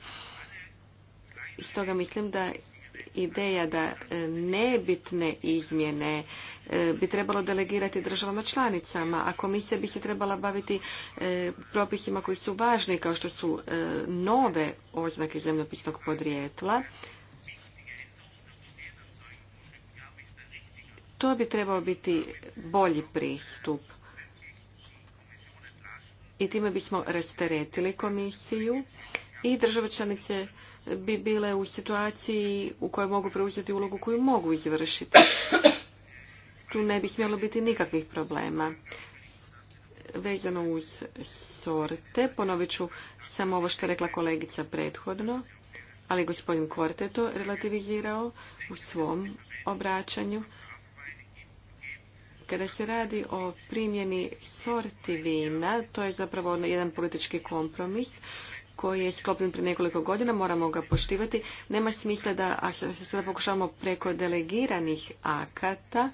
Stoga mislim da ideja da e, nebitne izmjene e, bi trebalo delegirati državama članicama, a komisija bi se trebala baviti e, propisima koji su važni kao što su nove oznake zemljopisnog podrijetla. To bi trebao biti bolji pristup i time bismo rasteretili komisiju i države članice bi bile u situaciji u kojoj mogu preuzeti ulogu koju mogu izvršiti. Tu ne bi smjelo biti nikakvih problema. Vezano uz sorte, ponovit ću samo ovo što je rekla kolegica prethodno, ali gospodin Korte to relativizirao u svom obraćanju. Kada se radi o primjeni sorti vina, to je zapravo ono jedan politički kompromis koji je sklopljen prije nekoliko godina, moramo ga poštivati. Nema smisla da, se sada pokušavamo preko delegiranih akata,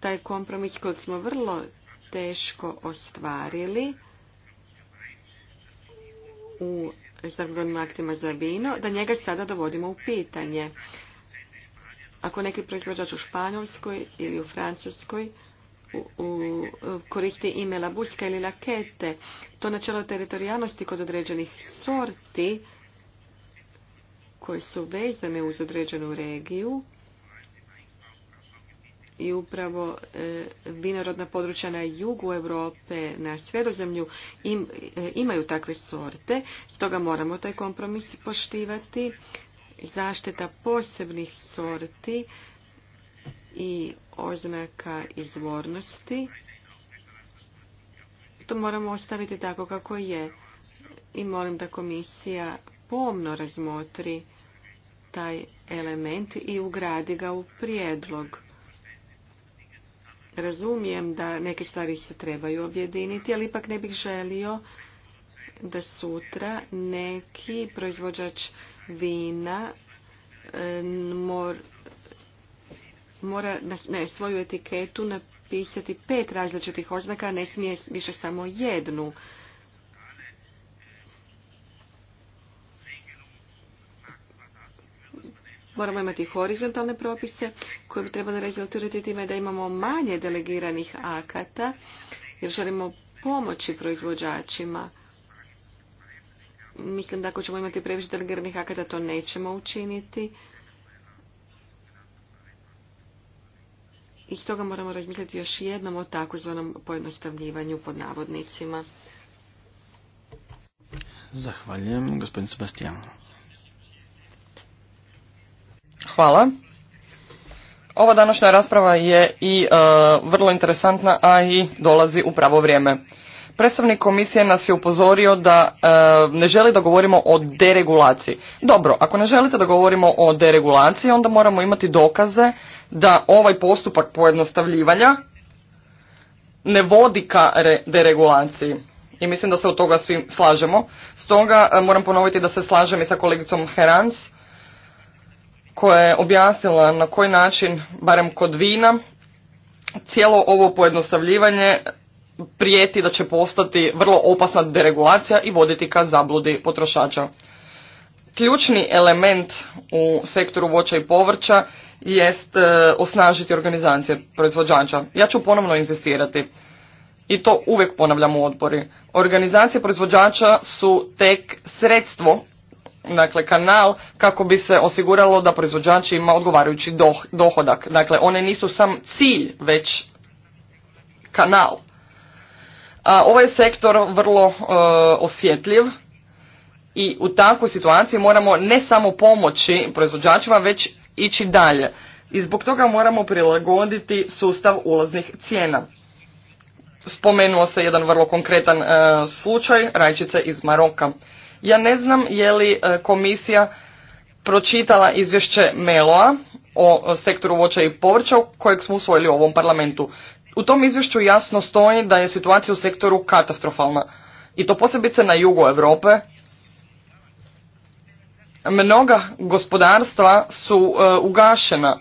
taj kompromis koji smo vrlo teško ostvarili u zakonodavnim aktima za vino, da njega sada dovodimo u pitanje. Ako neki proizvođač u Španjolskoj ili u Francuskoj u, koristi ime labuska ili lakete, to načelo teritorijalnosti kod određenih sorti koje su vezane uz određenu regiju i upravo e, vinorodna područja na jugu Europe, na sredozemlju e, imaju takve sorte, stoga moramo taj kompromis poštivati zaštita posebnih sorti i oznaka izvornosti. To moramo ostaviti tako kako je i molim da komisija pomno razmotri taj element i ugradi ga u prijedlog. Razumijem da neke stvari se trebaju objediniti, ali ipak ne bih želio da sutra neki proizvođač vina e, mora ne, svoju etiketu napisati pet različitih oznaka, ne smije više samo jednu. Moramo imati horizontalne propise koje bi trebali rezultirati time da imamo manje delegiranih akata jer želimo pomoći proizvođačima. Mislim da ako ćemo imati previše delegiranih akata, to nećemo učiniti. I toga moramo razmisliti još jednom o takozvanom pojednostavljivanju pod navodnicima. Zahvaljujem, gospodin Sebastian. Hvala. Ova današnja rasprava je i e, vrlo interesantna, a i dolazi u pravo vrijeme. Predstavnik komisije nas je upozorio da e, ne želi da govorimo o deregulaciji. Dobro, ako ne želite da govorimo o deregulaciji, onda moramo imati dokaze da ovaj postupak pojednostavljivanja ne vodi ka deregulaciji. I mislim da se od toga svi slažemo. Stoga e, moram ponoviti da se slažem i sa kolegicom Herans koja je objasnila na koji način, barem kod vina, cijelo ovo pojednostavljivanje prijeti da će postati vrlo opasna deregulacija i voditi ka zabludi potrošača. Ključni element u sektoru voća i povrća jest e, osnažiti organizacije proizvođača. Ja ću ponovno insistirati i to uvijek ponavljam u odbori. Organizacije proizvođača su tek sredstvo, dakle kanal, kako bi se osiguralo da proizvođači ima odgovarajući dohodak. Dakle, one nisu sam cilj, već kanal ovaj je sektor vrlo e, osjetljiv i u takvoj situaciji moramo ne samo pomoći proizvođačima već ići dalje i zbog toga moramo prilagoditi sustav ulaznih cijena spomenuo se jedan vrlo konkretan e, slučaj rajčice iz maroka ja ne znam je li e, komisija pročitala izvješće meloa o sektoru voća i povrća kojeg smo usvojili u ovom parlamentu u tom izvješću jasno stoji da je situacija u sektoru katastrofalna. I to posebice na jugu Europe. Mnoga gospodarstva su e, ugašena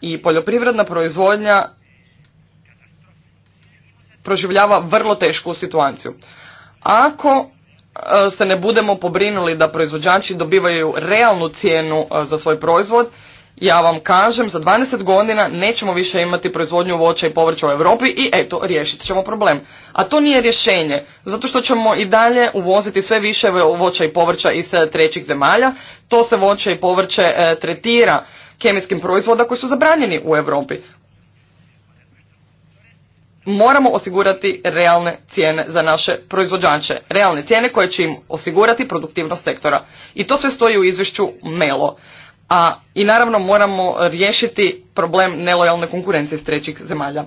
i poljoprivredna proizvodnja proživljava vrlo tešku situaciju. Ako e, se ne budemo pobrinuli da proizvođači dobivaju realnu cijenu e, za svoj proizvod ja vam kažem, za 20 godina nećemo više imati proizvodnju voća i povrća u Europi i eto, riješit ćemo problem. A to nije rješenje, zato što ćemo i dalje uvoziti sve više voća i povrća iz e, trećih zemalja. To se voće i povrće e, tretira kemijskim proizvoda koji su zabranjeni u Europi. Moramo osigurati realne cijene za naše proizvođače, realne cijene koje će im osigurati produktivnost sektora. I to sve stoji u izvješću Melo a i naravno moramo riješiti problem nelojalne konkurencije iz trećih zemalja.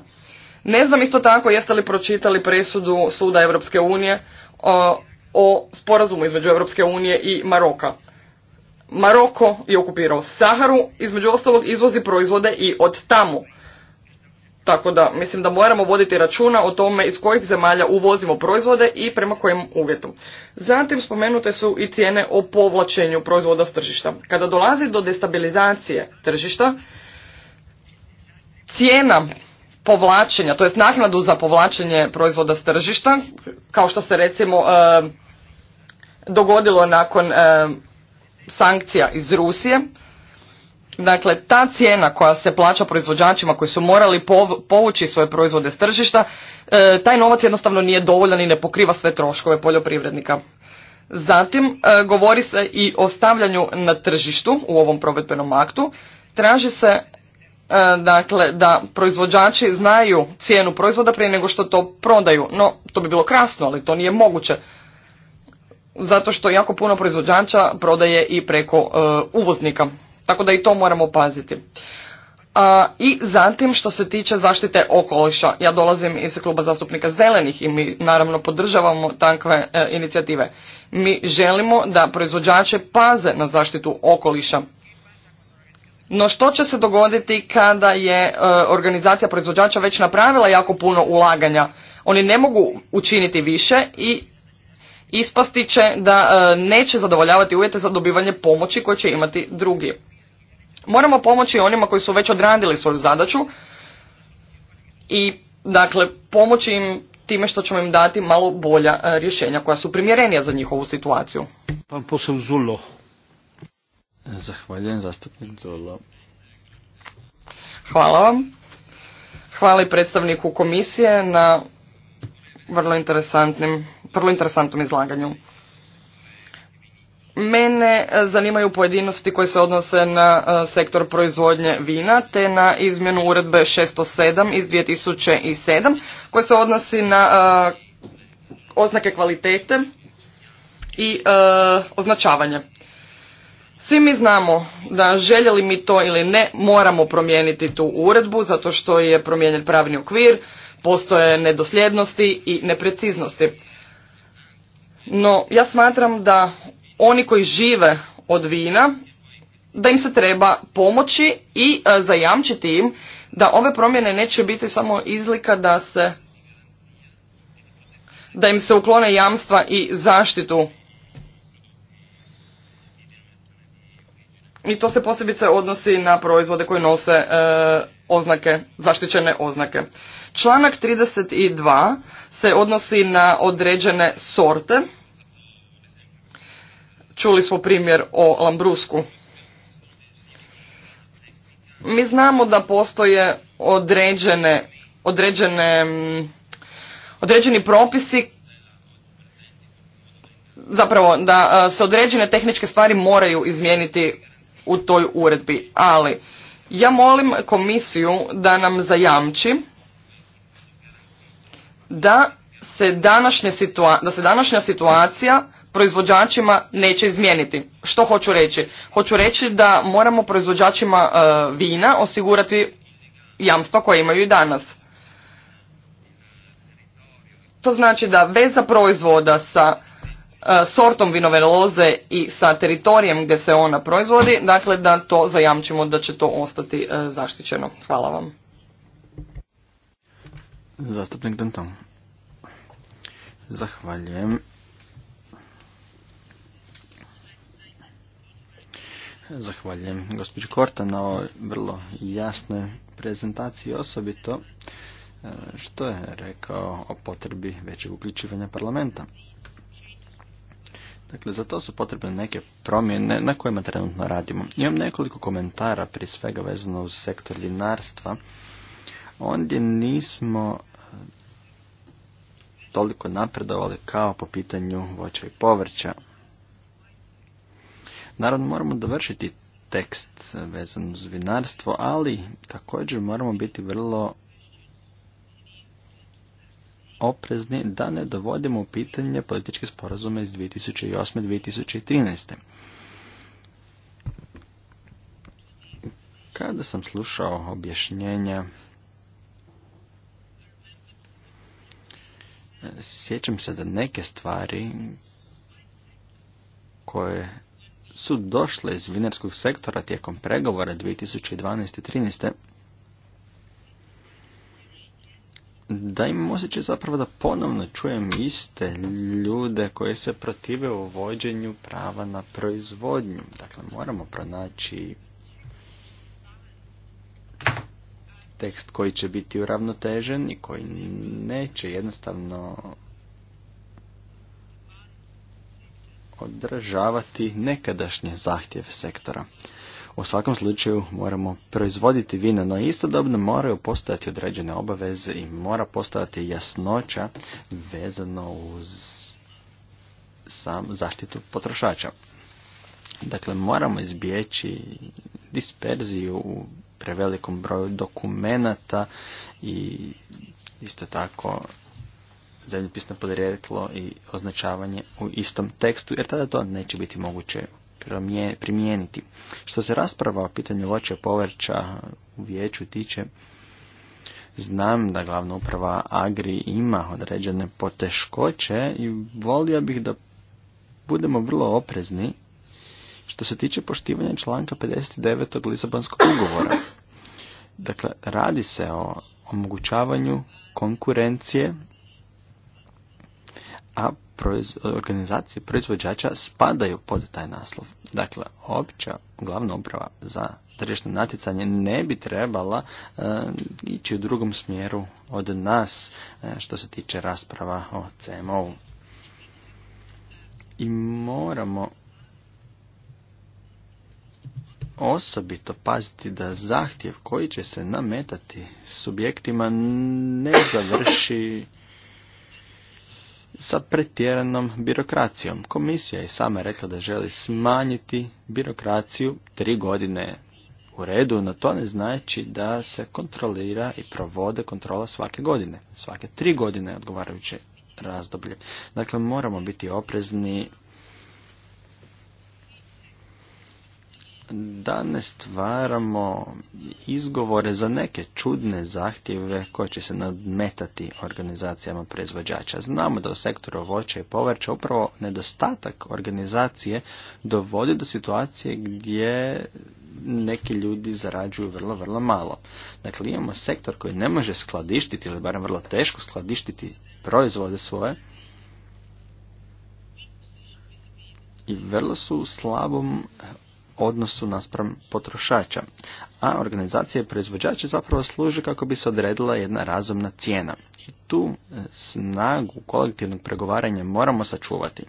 Ne znam isto tako jeste li pročitali presudu Suda Europske unije o, sporazumu između Europske unije i Maroka. Maroko je okupirao Saharu, između ostalog izvozi proizvode i od tamo. Tako da mislim da moramo voditi računa o tome iz kojih zemalja uvozimo proizvode i prema kojem uvjetu. Zatim spomenute su i cijene o povlačenju proizvoda s tržišta. Kada dolazi do destabilizacije tržišta, cijena povlačenja, to jest naknadu za povlačenje proizvoda s tržišta, kao što se recimo e, dogodilo nakon e, sankcija iz Rusije, Dakle, ta cijena koja se plaća proizvođačima koji su morali povući svoje proizvode s tržišta, e, taj novac jednostavno nije dovoljan i ne pokriva sve troškove poljoprivrednika. Zatim, e, govori se i o stavljanju na tržištu u ovom provedbenom aktu. Traži se e, dakle, da proizvođači znaju cijenu proizvoda prije nego što to prodaju. No, to bi bilo krasno, ali to nije moguće. Zato što jako puno proizvođača prodaje i preko uvoznika. Tako da i to moramo paziti. A, I zatim što se tiče zaštite okoliša, ja dolazim iz kluba zastupnika zelenih i mi naravno podržavamo takve e, inicijative. Mi želimo da proizvođače paze na zaštitu okoliša. No što će se dogoditi kada je e, organizacija proizvođača već napravila jako puno ulaganja? Oni ne mogu učiniti više i ispasti će da e, neće zadovoljavati uvjete za dobivanje pomoći koje će imati drugi. Moramo pomoći onima koji su već odradili svoju zadaću i dakle pomoći im time što ćemo im dati malo bolja e, rješenja koja su primjerenija za njihovu situaciju. Pan posel Zulo. Zahvaljujem zastupnik Zulo. Hvala vam. Hvala i predstavniku komisije na vrlo interesantnom izlaganju. Mene e, zanimaju pojedinosti koje se odnose na e, sektor proizvodnje vina te na izmjenu uredbe 607 iz 2007 koje se odnosi na e, oznake kvalitete i označavanje. Svi mi znamo da željeli mi to ili ne moramo promijeniti tu uredbu zato što je promijenjen pravni okvir, postoje nedosljednosti i nepreciznosti. No, ja smatram da oni koji žive od vina, da im se treba pomoći i e, zajamčiti im da ove promjene neće biti samo izlika da se da im se uklone jamstva i zaštitu. I to se posebice odnosi na proizvode koji nose e, oznake, zaštićene oznake. Članak 32 se odnosi na određene sorte Čuli smo primjer o Lambrusku. Mi znamo da postoje određene, određene, mm, određeni propisi zapravo da e, se određene tehničke stvari moraju izmijeniti u toj uredbi, ali ja molim komisiju da nam zajamči da se da se današnja situacija proizvođačima neće izmijeniti. Što hoću reći? Hoću reći da moramo proizvođačima e, vina osigurati jamstva koje imaju i danas. To znači da veza proizvoda sa e, sortom vinove loze i sa teritorijem gdje se ona proizvodi, dakle da to zajamčimo da će to ostati e, zaštićeno. Hvala vam. Zastupnik Danton. Zahvaljujem. Zahvaljujem gospođu Korta na ovoj vrlo jasnoj prezentaciji, osobito e, što je rekao o potrebi većeg uključivanja parlamenta. Dakle, za to su potrebne neke promjene na kojima trenutno radimo. Imam nekoliko komentara, prije svega vezano uz sektor linarstva. Ondje nismo e, toliko napredovali kao po pitanju voća i povrća. Naravno moramo dovršiti tekst vezan uz vinarstvo, ali također moramo biti vrlo oprezni da ne dovodimo u pitanje političke sporazume iz 2008. 2013. Kada sam slušao objašnjenja sjećam se da neke stvari koje su došle iz vinarskog sektora tijekom pregovora 2012. i 2013. da imam osjećaj zapravo da ponovno čujem iste ljude koji se protive uvođenju prava na proizvodnju. Dakle, moramo pronaći tekst koji će biti uravnotežen i koji neće jednostavno održavati nekadašnje zahtjeve sektora. U svakom slučaju moramo proizvoditi vina, no istodobno moraju postojati određene obaveze i mora postojati jasnoća vezano uz sam zaštitu potrošača. Dakle, moramo izbjeći disperziju u prevelikom broju dokumenata i isto tako zemljopisno podrijetlo i označavanje u istom tekstu, jer tada to neće biti moguće primijeniti. Što se rasprava o pitanju voća povrća u vijeću tiče, znam da glavna uprava Agri ima određene poteškoće i volio bih da budemo vrlo oprezni što se tiče poštivanja članka 59. od Lisabonskog ugovora. Dakle, radi se o omogućavanju konkurencije a proiz organizacije proizvođača spadaju pod taj naslov. Dakle, opća glavna uprava za tržišno natjecanje ne bi trebala e, ići u drugom smjeru od nas e, što se tiče rasprava o CMO-u. I moramo osobito paziti da zahtjev koji će se nametati subjektima ne završi sa pretjeranom birokracijom. Komisija i sama rekla da želi smanjiti birokraciju tri godine u redu, no to ne znači da se kontrolira i provode kontrola svake godine. Svake tri godine odgovarajuće razdoblje. Dakle, moramo biti oprezni da ne stvaramo izgovore za neke čudne zahtjeve koje će se nadmetati organizacijama proizvođača. Znamo da u sektoru voća i povrća upravo nedostatak organizacije dovodi do situacije gdje neki ljudi zarađuju vrlo, vrlo malo. Dakle, imamo sektor koji ne može skladištiti ili barem vrlo teško skladištiti proizvode svoje i vrlo su u slabom odnosu naspram potrošača, a organizacije proizvođača zapravo služe kako bi se odredila jedna razumna cijena. I tu e, snagu kolektivnog pregovaranja moramo sačuvati.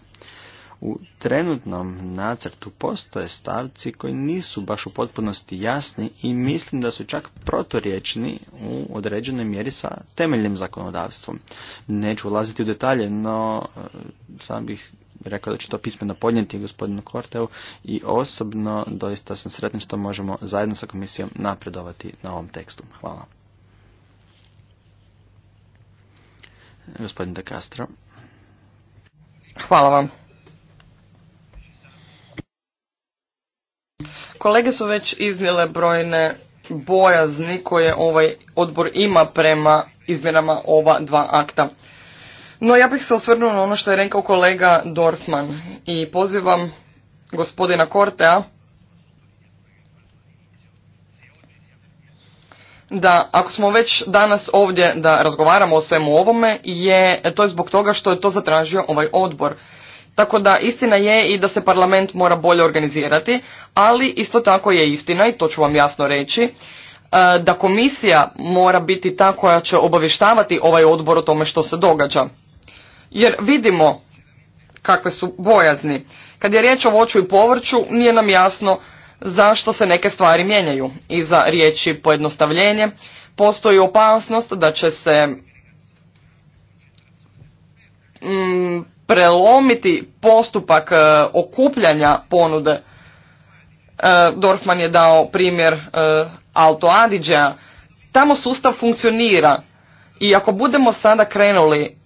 U trenutnom nacrtu postoje stavci koji nisu baš u potpunosti jasni i mislim da su čak proturječni u određenoj mjeri sa temeljnim zakonodavstvom. Neću ulaziti u detalje, no e, sam bih rekao da ću to pismeno podnijeti gospodinu Korteu i osobno doista sam sretan što možemo zajedno sa komisijom napredovati na ovom tekstu. Hvala. Gospodin De Castro. Hvala vam. Kolege su već iznijele brojne bojazni koje ovaj odbor ima prema izmjerama ova dva akta. No ja bih se osvrnuo na ono što je rekao kolega Dorfman i pozivam gospodina Kortea da ako smo već danas ovdje da razgovaramo o svemu ovome je to je zbog toga što je to zatražio ovaj odbor. Tako da istina je i da se parlament mora bolje organizirati, ali isto tako je istina i to ću vam jasno reći e, da komisija mora biti ta koja će obavještavati ovaj odbor o tome što se događa jer vidimo kakve su bojazni. Kad je riječ o voću i povrću, nije nam jasno zašto se neke stvari mijenjaju. Iza riječi pojednostavljenje postoji opasnost da će se mm, prelomiti postupak e, okupljanja ponude. E, Dorfman je dao primjer e, Alto Tamo sustav funkcionira i ako budemo sada krenuli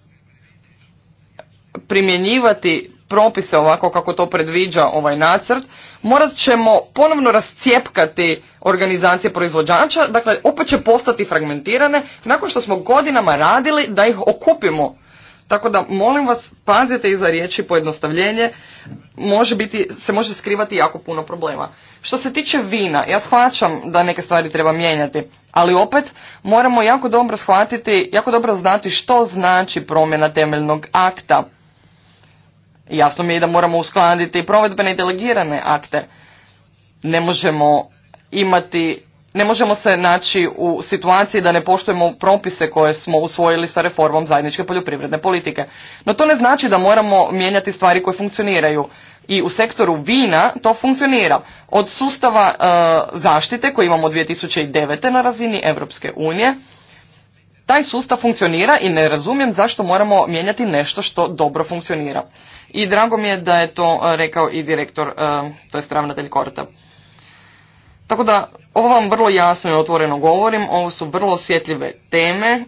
primjenjivati propise ovako kako to predviđa ovaj nacrt, morat ćemo ponovno rascijepkati organizacije proizvođača, dakle opet će postati fragmentirane nakon što smo godinama radili da ih okupimo. Tako da molim vas pazite iza riječi pojednostavljenje, može biti, se može skrivati jako puno problema. Što se tiče vina, ja shvaćam da neke stvari treba mijenjati, ali opet moramo jako dobro shvatiti, jako dobro znati što znači promjena temeljnog akta jasno mi je da moramo uskladiti provedbene i delegirane akte. Ne možemo imati, ne možemo se naći u situaciji da ne poštujemo propise koje smo usvojili sa reformom zajedničke poljoprivredne politike. No to ne znači da moramo mijenjati stvari koje funkcioniraju i u sektoru vina to funkcionira. Od sustava e, zaštite koji imamo 2009. na razini Europske unije, taj sustav funkcionira i ne razumijem zašto moramo mijenjati nešto što dobro funkcionira i drago mi je da je to e, rekao i direktor, e, to je ravnatelj Korta. Tako da, ovo vam vrlo jasno i otvoreno govorim, ovo su vrlo osjetljive teme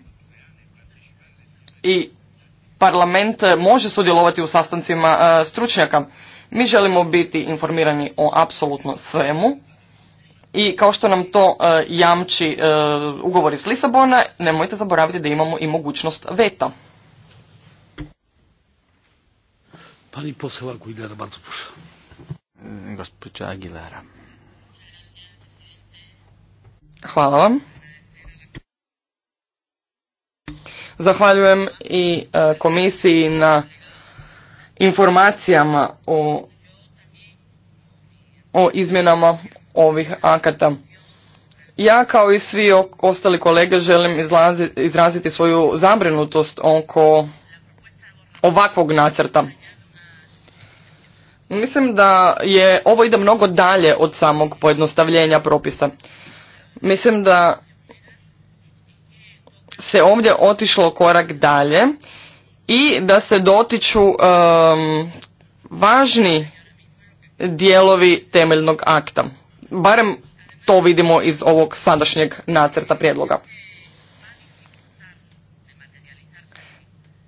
i parlament može sudjelovati u sastancima e, stručnjaka. Mi želimo biti informirani o apsolutno svemu i kao što nam to jamči ugovor iz Lisabona, nemojte zaboraviti da imamo i mogućnost veta. E, Hvala vam. Zahvaljujem i e, komisiji na informacijama o, o izmjenama ovih akata. Ja kao i svi ostali kolege želim izraziti svoju zabrinutost oko ovakvog nacrta Mislim da je ovo ide mnogo dalje od samog pojednostavljenja propisa. Mislim da se ovdje otišlo korak dalje i da se dotiču um, važni dijelovi temeljnog akta. Barem to vidimo iz ovog sadašnjeg nacrta prijedloga.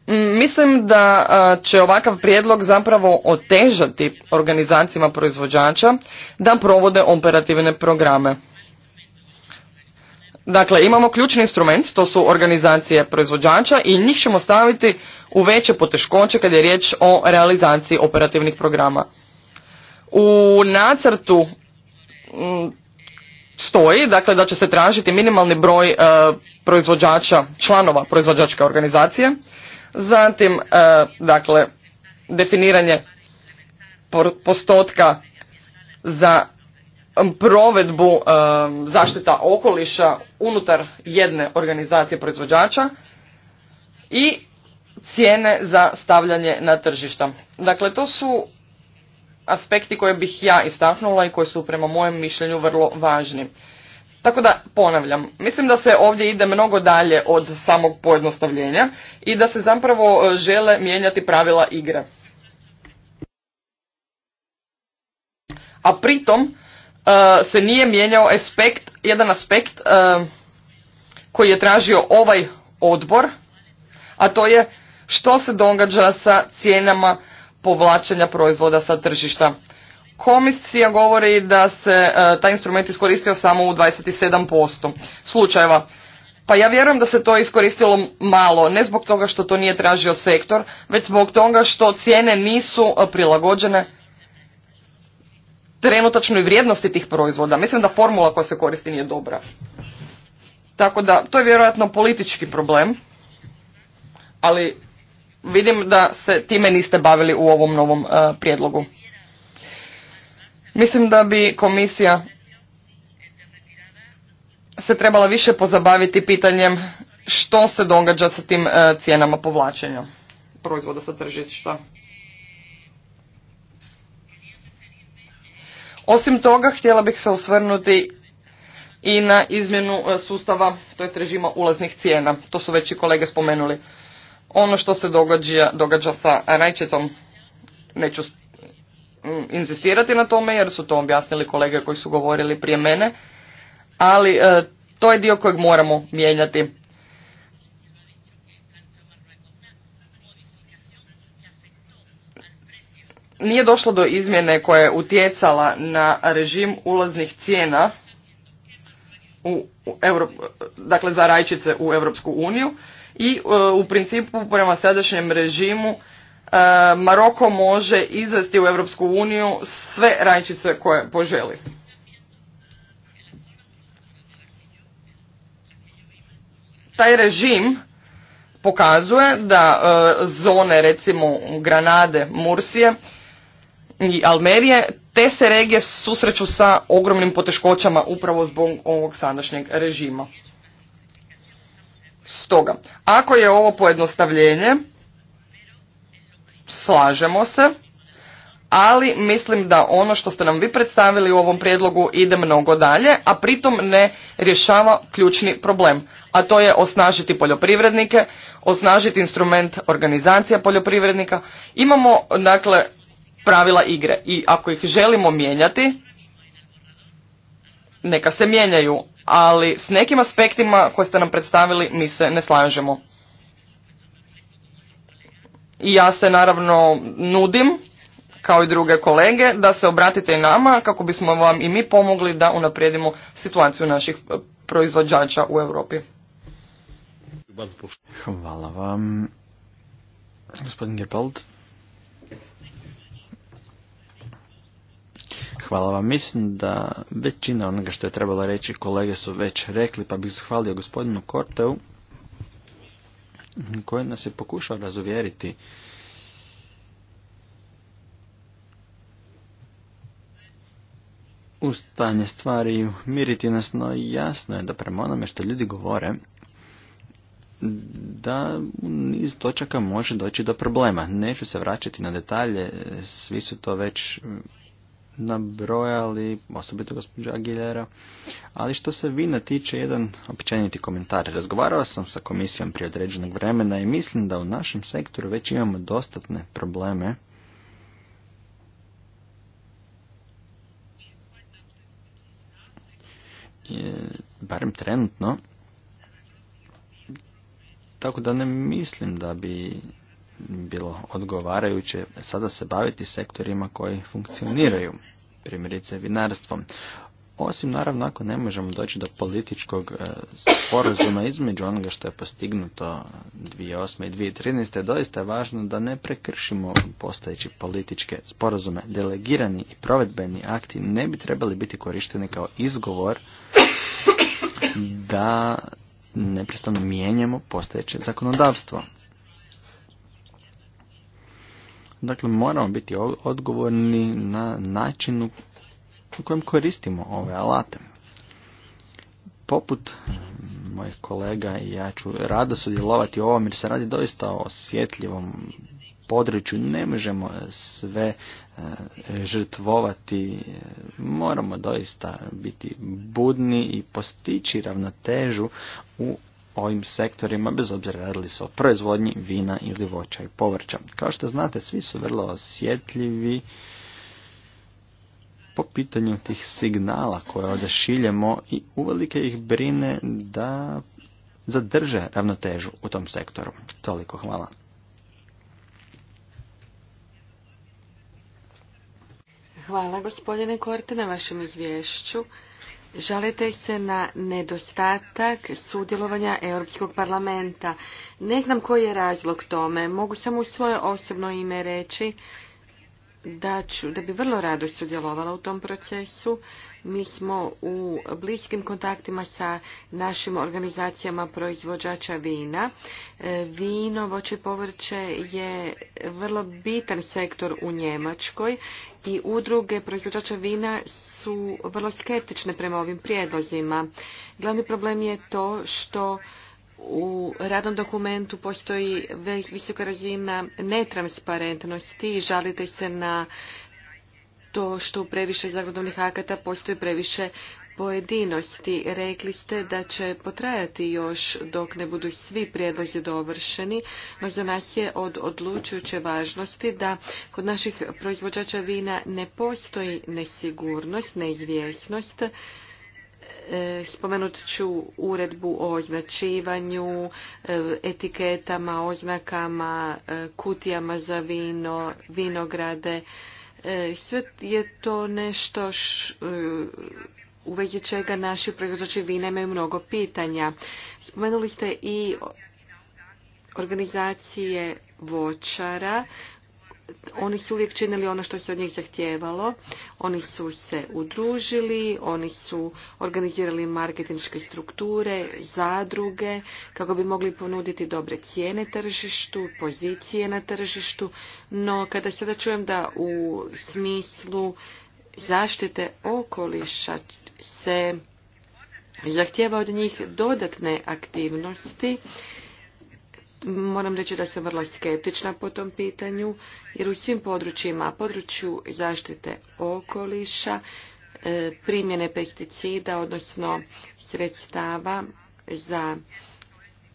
Mm, mislim da će ovakav prijedlog zapravo otežati organizacijama proizvođača da provode operativne programe. Dakle, imamo ključni instrument, to su organizacije proizvođača i njih ćemo staviti u veće poteškoće kad je riječ o realizaciji operativnih programa. U nacrtu mm, stoji dakle, da će se tražiti minimalni broj e, proizvođača, članova proizvođačke organizacije, zatim e, dakle definiranje postotka za provedbu e, zaštita okoliša unutar jedne organizacije proizvođača i cijene za stavljanje na tržišta. Dakle, to su aspekti koje bih ja istaknula i koji su prema mojem mišljenju vrlo važni. Tako da, ponavljam, mislim da se ovdje ide mnogo dalje od samog pojednostavljenja i da se zapravo e, žele mijenjati pravila igre. A pritom e, se nije mijenjao aspekt, jedan aspekt e, koji je tražio ovaj odbor, a to je što se događa sa cijenama povlačenja proizvoda sa tržišta. Komisija govori da se e, taj instrument iskoristio samo u 27% slučajeva. Pa ja vjerujem da se to iskoristilo malo, ne zbog toga što to nije tražio sektor, već zbog toga što cijene nisu e, prilagođene trenutačnoj vrijednosti tih proizvoda. Mislim da formula koja se koristi nije dobra. Tako da, to je vjerojatno politički problem, ali vidim da se time niste bavili u ovom novom e, prijedlogu. Mislim da bi komisija se trebala više pozabaviti pitanjem što se događa sa tim e, cijenama povlačenja proizvoda sa tržišta. Osim toga, htjela bih se osvrnuti i na izmjenu e, sustava, to jest režima ulaznih cijena. To su već i kolege spomenuli. Ono što se događa, događa sa rajčetom, neću Mm, inzistirati na tome jer su to objasnili kolege koji su govorili prije mene, ali e, to je dio kojeg moramo mijenjati. Nije došlo do izmjene koja je utjecala na režim ulaznih cijena u, u dakle za rajčice u Europsku uniju i e, u principu prema sadašnjem režimu E, Maroko može izvesti u Europsku uniju sve rajčice koje poželi. Taj režim pokazuje da e, zone recimo Granade, Mursije i Almerije, te se regije susreću sa ogromnim poteškoćama upravo zbog ovog sadašnjeg režima. Stoga, ako je ovo pojednostavljenje, slažemo se, ali mislim da ono što ste nam vi predstavili u ovom prijedlogu ide mnogo dalje, a pritom ne rješava ključni problem, a to je osnažiti poljoprivrednike, osnažiti instrument organizacija poljoprivrednika. Imamo dakle pravila igre i ako ih želimo mijenjati, neka se mijenjaju, ali s nekim aspektima koje ste nam predstavili mi se ne slažemo. I ja se naravno nudim, kao i druge kolege, da se obratite i nama kako bismo vam i mi pomogli da unaprijedimo situaciju naših e, proizvođača u Europi. Hvala vam. Gospodin Hvala vam. Mislim da većina onoga što je trebalo reći kolege su već rekli, pa bih zahvalio gospodinu Korteu koji nas je pokušao razuvjeriti u stanje stvari miriti nas, no jasno je da prema onome što ljudi govore, da iz niz točaka može doći do problema. Neću se vraćati na detalje, svi su to već nabrojali, osobito gospođa Aguilera. Ali što se vina tiče, jedan općeniti komentar. Razgovarao sam sa komisijom prije određenog vremena i mislim da u našem sektoru već imamo dostatne probleme barem trenutno, tako da ne mislim da bi bilo odgovarajuće sada se baviti sektorima koji funkcioniraju, primjerice vinarstvom. Osim naravno ako ne možemo doći do političkog e, sporazuma između onoga što je postignuto 2008. i 2013. doista je važno da ne prekršimo postojeći političke sporazume. Delegirani i provedbeni akti ne bi trebali biti korišteni kao izgovor da neprestano mijenjamo postojeće zakonodavstvo. Dakle, moramo biti odgovorni na način u kojem koristimo ove alate. Poput mojih kolega i ja ću rado sudjelovati u ovom jer se radi doista o osjetljivom području. Ne možemo sve e, žrtvovati. Moramo doista biti budni i postići ravnotežu u ovim sektorima, bez obzira radili se o proizvodnji vina ili voća i povrća. Kao što znate, svi su vrlo osjetljivi po pitanju tih signala koje odašiljemo i uvelike ih brine da zadrže ravnotežu u tom sektoru. Toliko hvala. Hvala gospodine Korte na vašem izvješću. Žalite se na nedostatak sudjelovanja Europskog parlamenta. Ne znam koji je razlog tome. Mogu samo u svoje osobno ime reći da, ću, da bi vrlo rado sudjelovala u tom procesu. Mi smo u bliskim kontaktima sa našim organizacijama proizvođača vina. E, vino, voće i povrće je vrlo bitan sektor u Njemačkoj i udruge proizvođača vina su vrlo skeptične prema ovim prijedlozima. Glavni problem je to što u radnom dokumentu postoji visoka razina netransparentnosti i žalite se na to što u previše zakonodavnih akata postoji previše pojedinosti. Rekli ste da će potrajati još dok ne budu svi prijedlozi dovršeni, no za nas je od odlučujuće važnosti da kod naših proizvođača vina ne postoji nesigurnost, neizvjesnost, E, spomenut ću uredbu o označivanju, e, etiketama, oznakama, e, kutijama za vino, vinograde. Sve je to nešto š, u vezi čega naši proizvođači vina imaju mnogo pitanja. Spomenuli ste i organizacije voćara oni su uvijek činili ono što se od njih zahtijevalo. Oni su se udružili, oni su organizirali marketinške strukture, zadruge, kako bi mogli ponuditi dobre cijene tržištu, pozicije na tržištu. No, kada sada čujem da u smislu zaštite okoliša se zahtijeva od njih dodatne aktivnosti, Moram reći da sam vrlo skeptična po tom pitanju, jer u svim područjima, području zaštite okoliša, e, primjene pesticida, odnosno sredstava za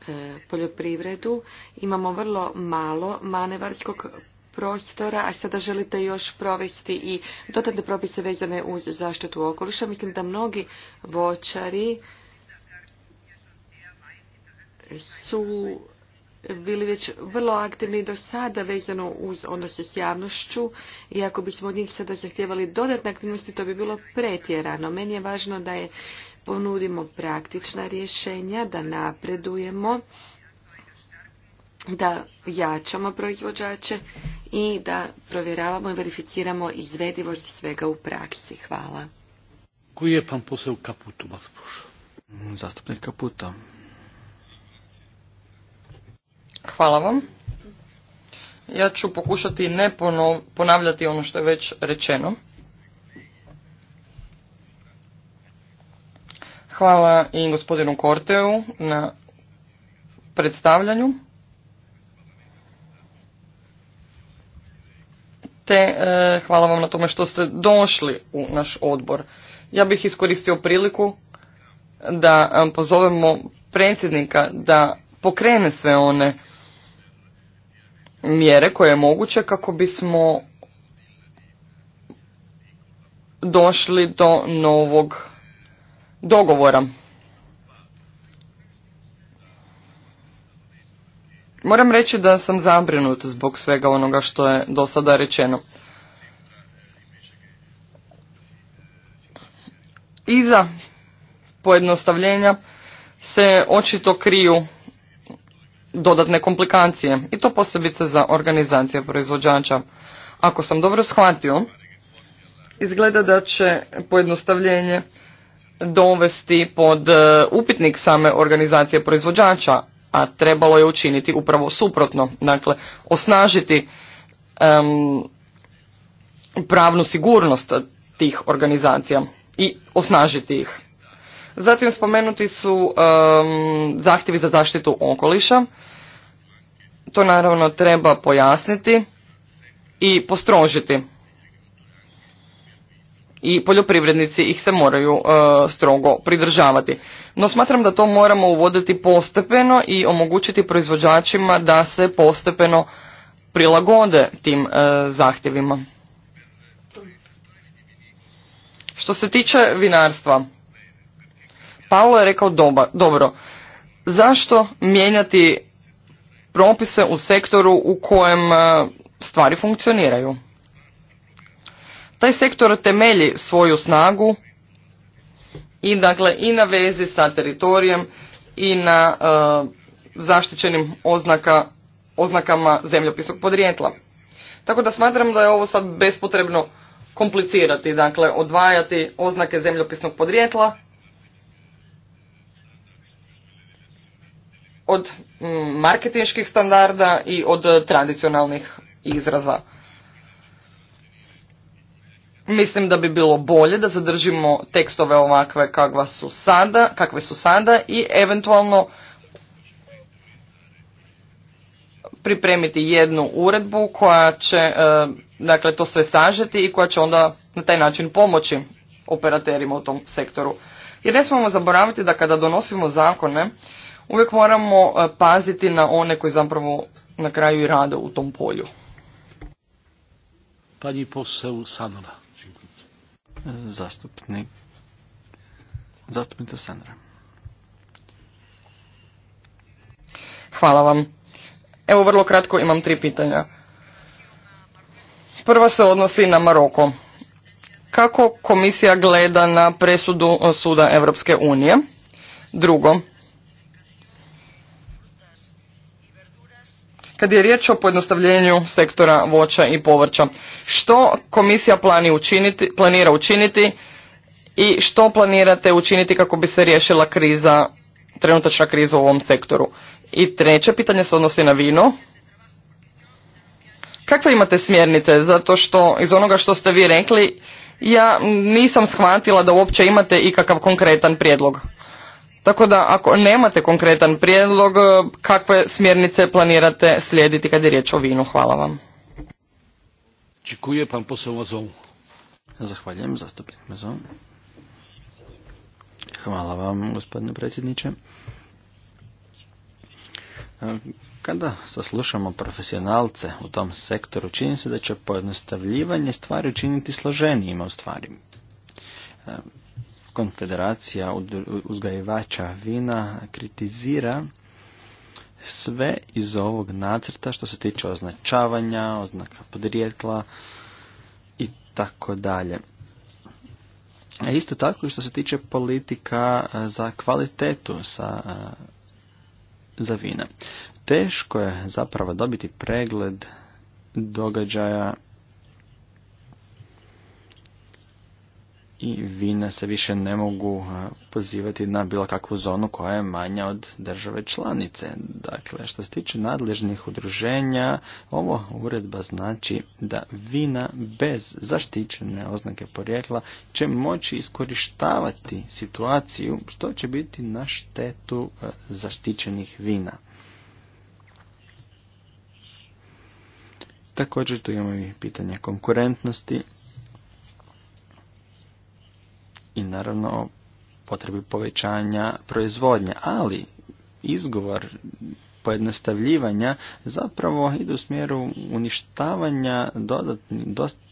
e, poljoprivredu, imamo vrlo malo manevarskog prostora, a sada želite još provesti i dodatne propise vezane uz zaštitu okoliša. Mislim da mnogi voćari su bili već vrlo aktivni do sada vezano uz odnose s javnošću i ako bismo od njih sada zahtijevali dodatne aktivnosti, to bi bilo pretjerano. Meni je važno da je ponudimo praktična rješenja, da napredujemo, da jačamo proizvođače i da provjeravamo i verificiramo izvedivost svega u praksi. Hvala. Koji je pan posao Kaputu, Zastupnik Kaputa. Hvala vam. Ja ću pokušati ne ponavljati ono što je već rečeno. Hvala i gospodinu Korteu na predstavljanju. Te e, hvala vam na tome što ste došli u naš odbor. Ja bih iskoristio priliku da pozovemo predsjednika da pokrene sve one mjere koje je moguće kako bismo došli do novog dogovora. Moram reći da sam zabrinut zbog svega onoga što je do sada rečeno. Iza pojednostavljenja se očito kriju dodatne komplikacije i to posebice za organizacije proizvođača. Ako sam dobro shvatio, izgleda da će pojednostavljenje dovesti pod e, upitnik same organizacije proizvođača, a trebalo je učiniti upravo suprotno, dakle osnažiti pravnu sigurnost tih organizacija i osnažiti ih. Zatim spomenuti su zahtjevi za zaštitu okoliša. To naravno treba pojasniti i postrožiti. I poljoprivrednici ih se moraju e, strogo pridržavati. No smatram da to moramo uvoditi postepeno i omogućiti proizvođačima da se postepeno prilagode tim e, zahtjevima. Što se tiče vinarstva, Paolo je rekao dobro, zašto mijenjati propise u sektoru u kojem e, stvari funkcioniraju? Taj sektor temelji svoju snagu i dakle i na vezi sa teritorijem i na e, zaštićenim oznaka, oznakama zemljopisnog podrijetla. Tako da smatram da je ovo sad bespotrebno komplicirati, dakle odvajati oznake zemljopisnog podrijetla od mm, marketinških standarda i od tradicionalnih izraza. Mislim da bi bilo bolje da zadržimo tekstove ovakve kakva su sada, kakve su sada i eventualno pripremiti jednu uredbu koja će e, dakle to sve sažeti i koja će onda na taj način pomoći operaterima u tom sektoru. Jer ne smijemo zaboraviti da kada donosimo zakone Uvijek moramo e, paziti na one koji zapravo na kraju i rade u tom polju. Pani poseł Sanora. Zastupnik. Hvala vam. Evo vrlo kratko imam tri pitanja. Prva se odnosi na Maroko. Kako komisija gleda na presudu e, suda Europske unije? Drugo, Kad je riječ o pojednostavljenju sektora voća i povrća, što komisija plani učiniti, planira učiniti i što planirate učiniti kako bi se riješila kriza, trenutačna kriza u ovom sektoru? I treće pitanje se odnosi na vino. Kakve imate smjernice? Zato što iz onoga što ste vi rekli, ja nisam shvatila da uopće imate ikakav konkretan prijedlog. Tako da ako nemate konkretan prijedlog, e, kakve smjernice planirate slijediti kad je riječ o vinu? Hvala vam. Čekuje pan Zahvaljujem, zastupnik Mazon. Hvala vam, gospodine predsjedniče. E, kada saslušamo profesionalce u tom sektoru, čini se da će pojednostavljivanje stvari učiniti složenijima u stvari. E, konfederacija uzgajivača vina kritizira sve iz ovog nacrta što se tiče označavanja, oznaka podrijetla i tako dalje. A isto tako i što se tiče politika e, za kvalitetu sa, e, za vina. Teško je zapravo dobiti pregled događaja i vina se više ne mogu pozivati na bilo kakvu zonu koja je manja od države članice. Dakle, što se tiče nadležnih udruženja, ovo uredba znači da vina bez zaštićene oznake porijekla će moći iskorištavati situaciju što će biti na štetu zaštićenih vina. Također tu imamo i pitanje konkurentnosti i naravno potrebi povećanja proizvodnje, ali izgovor pojednostavljivanja zapravo ide u smjeru uništavanja dodatni,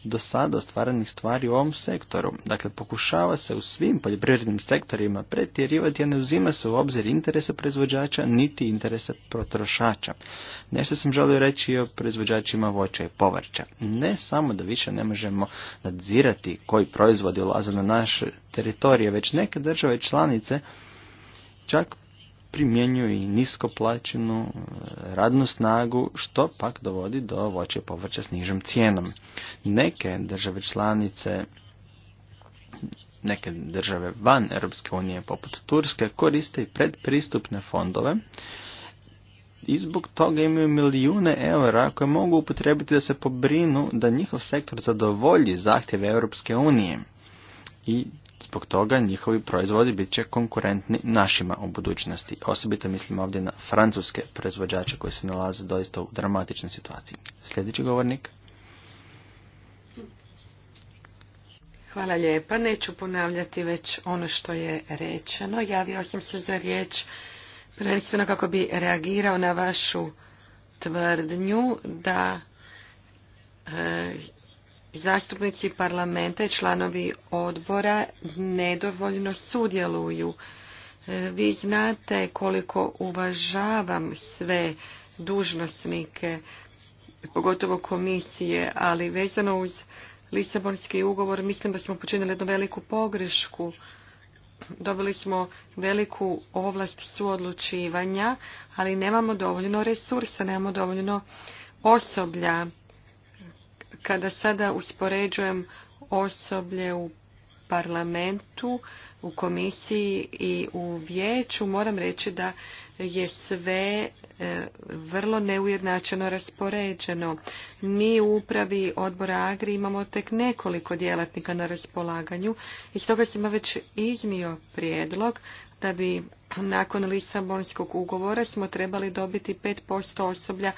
do, sada stvaranih stvari u ovom sektoru. Dakle, pokušava se u svim poljoprivrednim sektorima pretjerivati, a ne uzima se u obzir interese proizvođača niti interese potrošača. Nešto sam želio reći i o proizvođačima voća i povrća. Ne samo da više ne možemo nadzirati koji proizvodi ulaze na naše teritorije, već neke države članice čak primjenjuju i nisko plaćenu e, radnu snagu, što pak dovodi do voće povrća s nižom cijenom. Neke države članice neke države van Europske unije poput Turske koriste i predpristupne fondove i zbog toga imaju milijune eura koje mogu upotrebiti da se pobrinu da njihov sektor zadovolji zahtjeve Europske unije i Zbog toga njihovi proizvodi bit će konkurentni našima u budućnosti. Osobito mislim ovdje na francuske proizvođače koji se nalaze doista u dramatičnoj situaciji. Sljedeći govornik. Hvala lijepa. Neću ponavljati već ono što je rečeno. Javio sam se za riječ prvenstveno kako bi reagirao na vašu tvrdnju da e, zastupnici parlamenta i članovi odbora nedovoljno sudjeluju. E, vi znate koliko uvažavam sve dužnosnike, pogotovo komisije, ali vezano uz Lisabonski ugovor mislim da smo počinili jednu veliku pogrešku. Dobili smo veliku ovlast suodlučivanja, ali nemamo dovoljno resursa, nemamo dovoljno osoblja. Kada sada uspoređujem osoblje u parlamentu, u komisiji i u vijeću, moram reći da je sve e, vrlo neujednačeno raspoređeno. Mi u upravi odbora Agri imamo tek nekoliko djelatnika na raspolaganju i stoga sam već iznio prijedlog da bi nakon Lisabonskog ugovora smo trebali dobiti 5% osoblja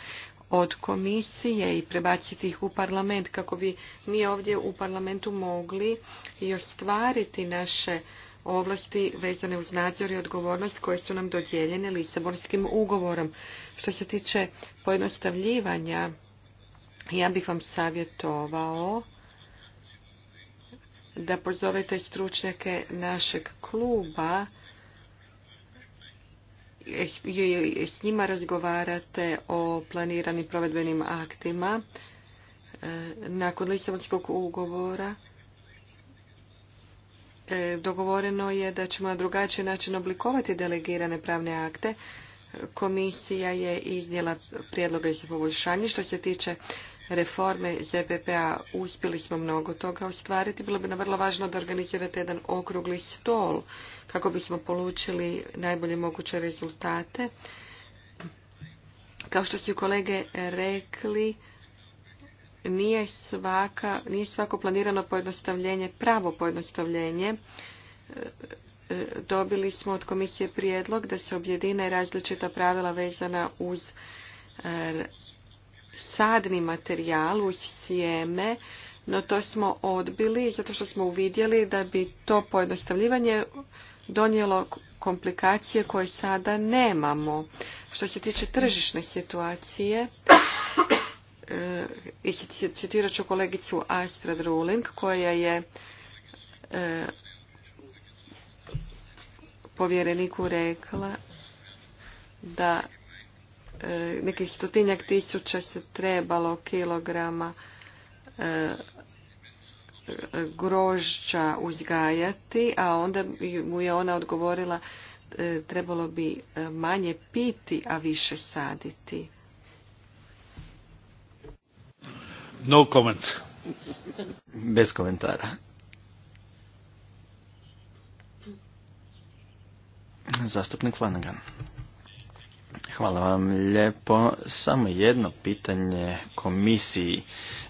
od komisije i prebaciti ih u parlament kako bi mi ovdje u parlamentu mogli i ostvariti naše ovlasti vezane uz nadzor i odgovornost koje su nam dodijeljene Lisabonskim ugovorom. Što se tiče pojednostavljivanja, ja bih vam savjetovao da pozovete stručnjake našeg kluba s njima razgovarate o planiranim provedbenim aktima e, nakon Lisabonskog ugovora e, dogovoreno je da ćemo na drugačiji način oblikovati delegirane pravne akte. Komisija je iznijela prijedloge za poboljšanje što se tiče reforme ZPP-a uspjeli smo mnogo toga ostvariti. Bilo bi nam vrlo važno da organizirate jedan okrugli stol kako bismo polučili najbolje moguće rezultate. Kao što su kolege rekli, nije, svaka, nije svako planirano pojednostavljenje pravo pojednostavljenje. Dobili smo od komisije prijedlog da se objedine različita pravila vezana uz sadni materijal uz sjeme, no to smo odbili zato što smo uvidjeli da bi to pojednostavljivanje donijelo komplikacije koje sada nemamo. Što se tiče tržišne situacije, eh, i citirat ću kolegicu Astrid Ruling koja je eh, povjereniku rekla da E, nekih stotinjak tisuća se trebalo kilograma e, grožđa uzgajati, a onda mu je ona odgovorila e, trebalo bi manje piti, a više saditi. No comments. Bez komentara. Zastupnik Flanagan. Hvala vam lijepo. Samo jedno pitanje komisiji.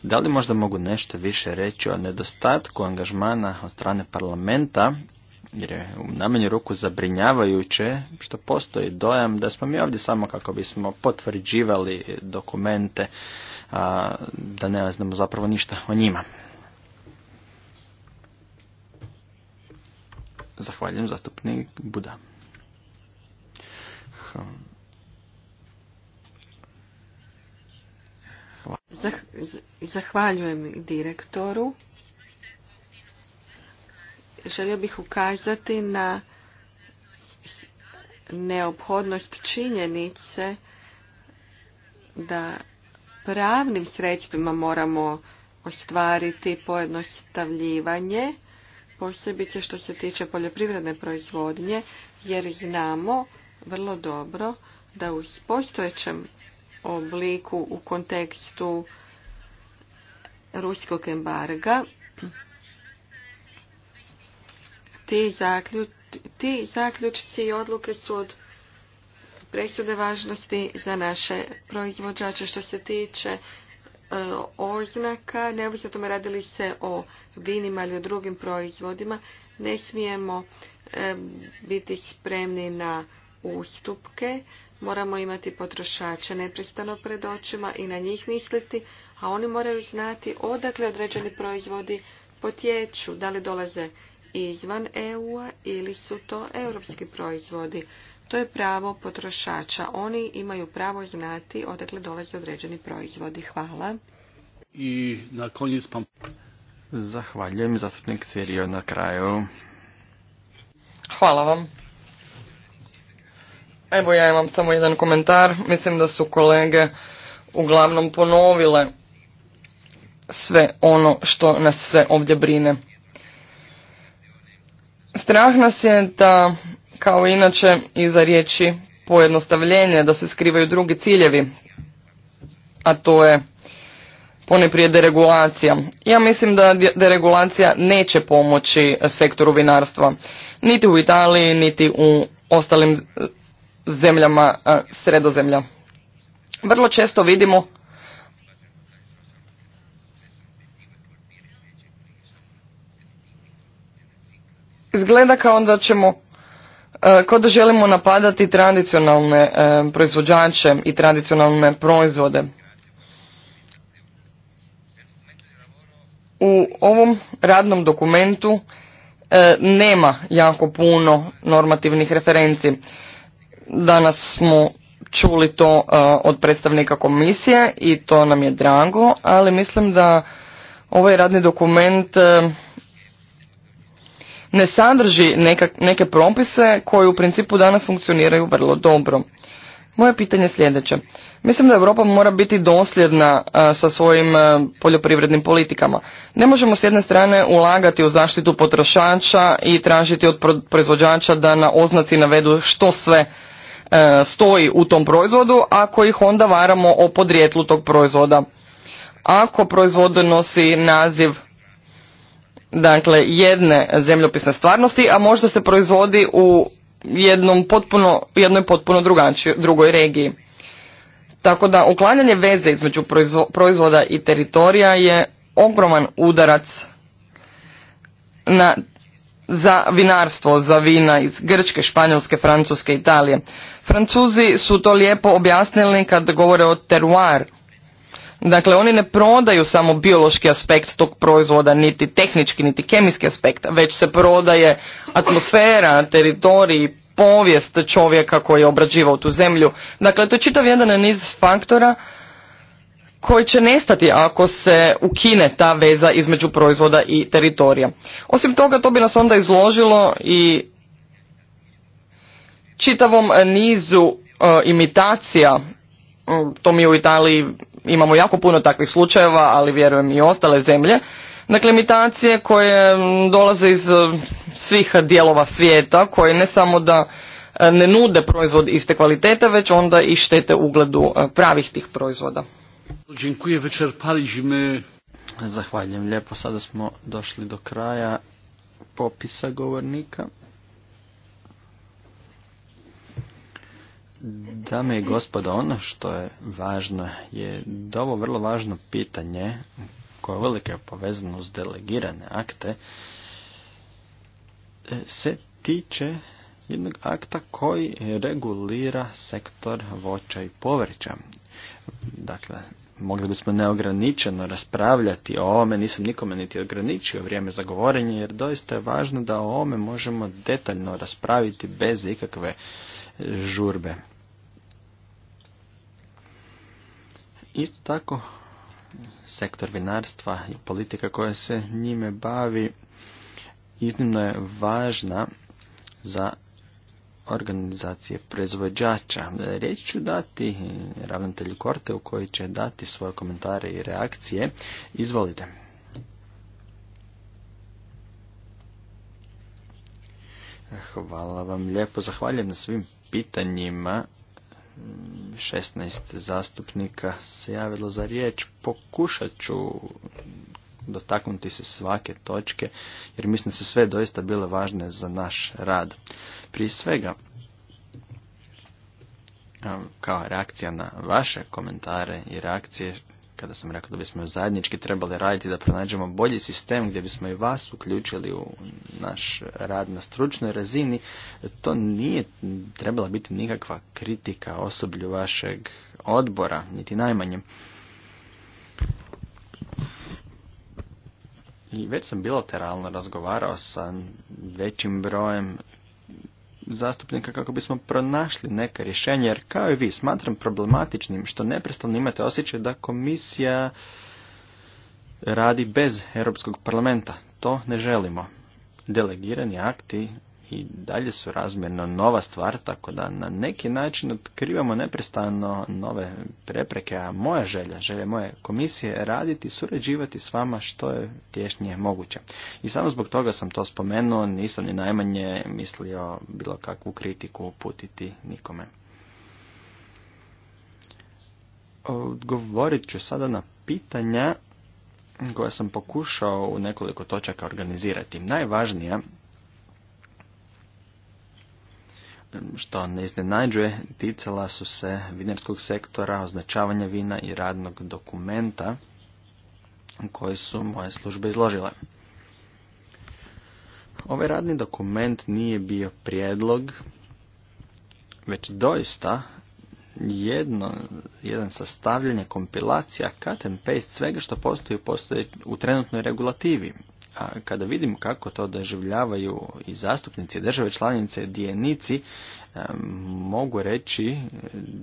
Da li možda mogu nešto više reći o nedostatku angažmana od strane parlamenta, jer je u namenju ruku zabrinjavajuće što postoji dojam da smo mi ovdje samo kako bismo potvrđivali dokumente, a, da ne znamo zapravo ništa o njima. Zahvaljujem zastupnik Buda. Zahvaljujem direktoru. Želio bih ukazati na neophodnost činjenice da pravnim sredstvima moramo ostvariti pojednostavljivanje, posebice što se tiče poljoprivredne proizvodnje, jer znamo vrlo dobro da uz postojećem obliku u kontekstu ruskog embarga. Ti, zaključ, zaključci i odluke su od presude važnosti za naše proizvođače što se tiče e, oznaka, neovisno tome radili se o vinima ili o drugim proizvodima, ne smijemo e, biti spremni na ustupke, moramo imati potrošače nepristano pred očima i na njih misliti, a oni moraju znati odakle određeni proizvodi potječu, da li dolaze izvan EU-a ili su to europski proizvodi. To je pravo potrošača. Oni imaju pravo znati odakle dolaze određeni proizvodi. Hvala. I na pam... Zahvaljujem, zastupnik na kraju. Hvala vam. Evo ja imam samo jedan komentar. Mislim da su kolege uglavnom ponovile sve ono što nas sve ovdje brine. Strah nas je da, kao inače, iza riječi pojednostavljenje, da se skrivaju drugi ciljevi, a to je poneprije deregulacija. Ja mislim da deregulacija neće pomoći sektoru vinarstva, niti u Italiji, niti u ostalim zemljama e, sredozemlja. Vrlo često vidimo izgleda kao da ćemo e, kao da želimo napadati tradicionalne e, proizvođače i tradicionalne proizvode. U ovom radnom dokumentu nema jako puno normativnih referencij. Danas smo čuli to uh, od predstavnika komisije i to nam je drago, ali mislim da ovaj radni dokument uh, ne sadrži neke propise koji u principu danas funkcioniraju vrlo dobro. Moje pitanje je sljedeće. Mislim da Europa mora biti dosljedna uh, sa svojim poljoprivrednim politikama. Ne možemo s jedne strane ulagati u zaštitu potrošača i tražiti od proizvođača da na oznaci navedu što sve E, stoji u tom proizvodu, ako ih onda varamo o podrijetlu tog proizvoda. Ako proizvod nosi naziv dakle, jedne zemljopisne stvarnosti, a možda se proizvodi u jednom potpuno, jednoj potpuno drugoj regiji. Tako da uklanjanje veze između proizvoda i teritorija je ogroman udarac na za vinarstvo, za vina iz Grčke, Španjolske, Francuske, Italije. Francuzi su to lijepo objasnili kad govore o teruar. Dakle, oni ne prodaju samo biološki aspekt tog proizvoda, niti tehnički, niti kemijski aspekt, već se prodaje atmosfera, teritorij, povijest čovjeka koji je obrađivao tu zemlju. Dakle, to je čitav jedan niz faktora koji će nestati ako se ukine ta veza između proizvoda i teritorija. Osim toga, to bi nas onda izložilo i čitavom nizu e, imitacija, mm, to mi u Italiji imamo jako puno takvih slučajeva, ali vjerujem i ostale zemlje, dakle imitacije koje mm, dolaze iz e, svih dijelova svijeta, koje ne samo da e, ne nude proizvod iste kvalitete, već onda i štete ugledu pravih tih proizvoda. Dziękuję, wyczerpaliśmy. Zahvaljujem lepo, sada smo došli do kraja popisa govornika. Dame i gospodo, ono što je važno je da ovo vrlo važno pitanje koje je velike povezano uz delegirane akte se tiče jednog akta koji regulira sektor voća i povrća. Dakle, mogli bismo neograničeno raspravljati o ovome, nisam nikome niti ograničio vrijeme za govorenje, jer doista je važno da o ovome možemo detaljno raspraviti bez ikakve žurbe. Isto tako, sektor vinarstva i politika koja se njime bavi iznimno je važna za organizacije proizvođača. Reći ću dati ravnatelju Korte u koji će dati svoje komentare i reakcije. Izvolite. Hvala vam lijepo. Zahvaljujem na svim pitanjima. 16 zastupnika se javilo za riječ. Pokušat ću dotaknuti se svake točke, jer mislim da su sve doista bile važne za naš rad. Prije svega, ehm, kao reakcija na vaše komentare i reakcije, kada sam rekao da bismo zajednički trebali raditi da pronađemo bolji sistem gdje bismo i vas uključili u naš rad na stručnoj razini, to nije trebala biti nikakva kritika osoblju vašeg odbora, niti najmanje. I već sam bilateralno razgovarao sa većim brojem zastupnika kako bismo pronašli neka rješenje, jer kao i vi smatram problematičnim što neprestano imate osjećaj da komisija radi bez Europskog parlamenta. To ne želimo. Delegirani akti i dalje su razmjerno nova stvar, tako da na neki način otkrivamo neprestano nove prepreke, a moja želja, želja moje komisije je raditi, surađivati s vama što je tješnije moguće. I samo zbog toga sam to spomenuo, nisam ni najmanje mislio bilo kakvu kritiku uputiti nikome. Odgovorit ću sada na pitanja koja sam pokušao u nekoliko točaka organizirati. Najvažnija što ne iznenađuje, ticala su se vinarskog sektora, označavanja vina i radnog dokumenta koji su moje službe izložile. Ovaj radni dokument nije bio prijedlog, već doista jedno, jedan sastavljanje kompilacija cut and paste svega što postoji, postoji u trenutnoj regulativi. A kada vidim kako to doživljavaju i zastupnici države članice, dijenici, e, mogu reći e,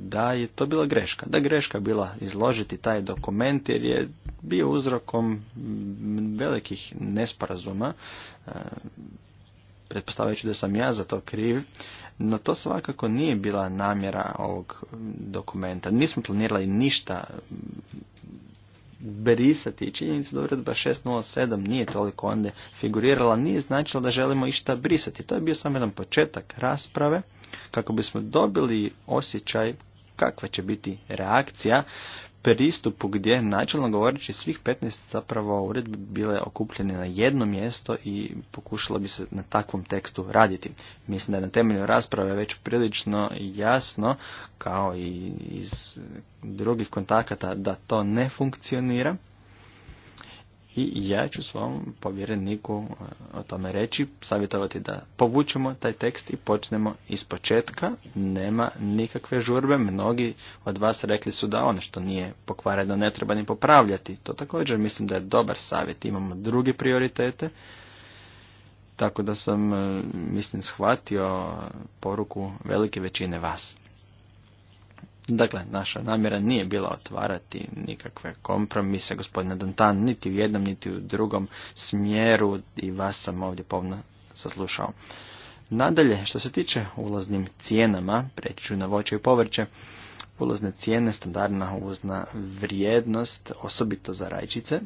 da je to bila greška. Da greška bila izložiti taj dokument jer je bio uzrokom velikih nesporazuma. E, pretpostavljajući da sam ja za to kriv, no to svakako nije bila namjera ovog dokumenta. Nismo planirali ništa brisati i činjenica da uredba 607 nije toliko onda figurirala, nije značilo da želimo išta brisati. To je bio samo jedan početak rasprave kako bismo dobili osjećaj kakva će biti reakcija pristupu gdje načelno govoreći svih 15 zapravo uredbi bile okupljene na jedno mjesto i pokušalo bi se na takvom tekstu raditi. Mislim da je na temelju rasprave već prilično jasno kao i iz drugih kontakata da to ne funkcionira i ja ću svom povjereniku e, o tome reći, savjetovati da povučemo taj tekst i počnemo iz početka. Nema nikakve žurbe, mnogi od vas rekli su da ono što nije pokvareno ne treba ni popravljati. To također mislim da je dobar savjet, imamo druge prioritete. Tako da sam, e, mislim, shvatio poruku velike većine vas. Dakle, naša namjera nije bila otvarati nikakve kompromise, gospodine Dantan, niti u jednom, niti u drugom smjeru i vas sam ovdje pomno saslušao. Nadalje, što se tiče ulaznim cijenama, preći ću na voće i povrće, ulazne cijene, standardna uvozna vrijednost, osobito za rajčice.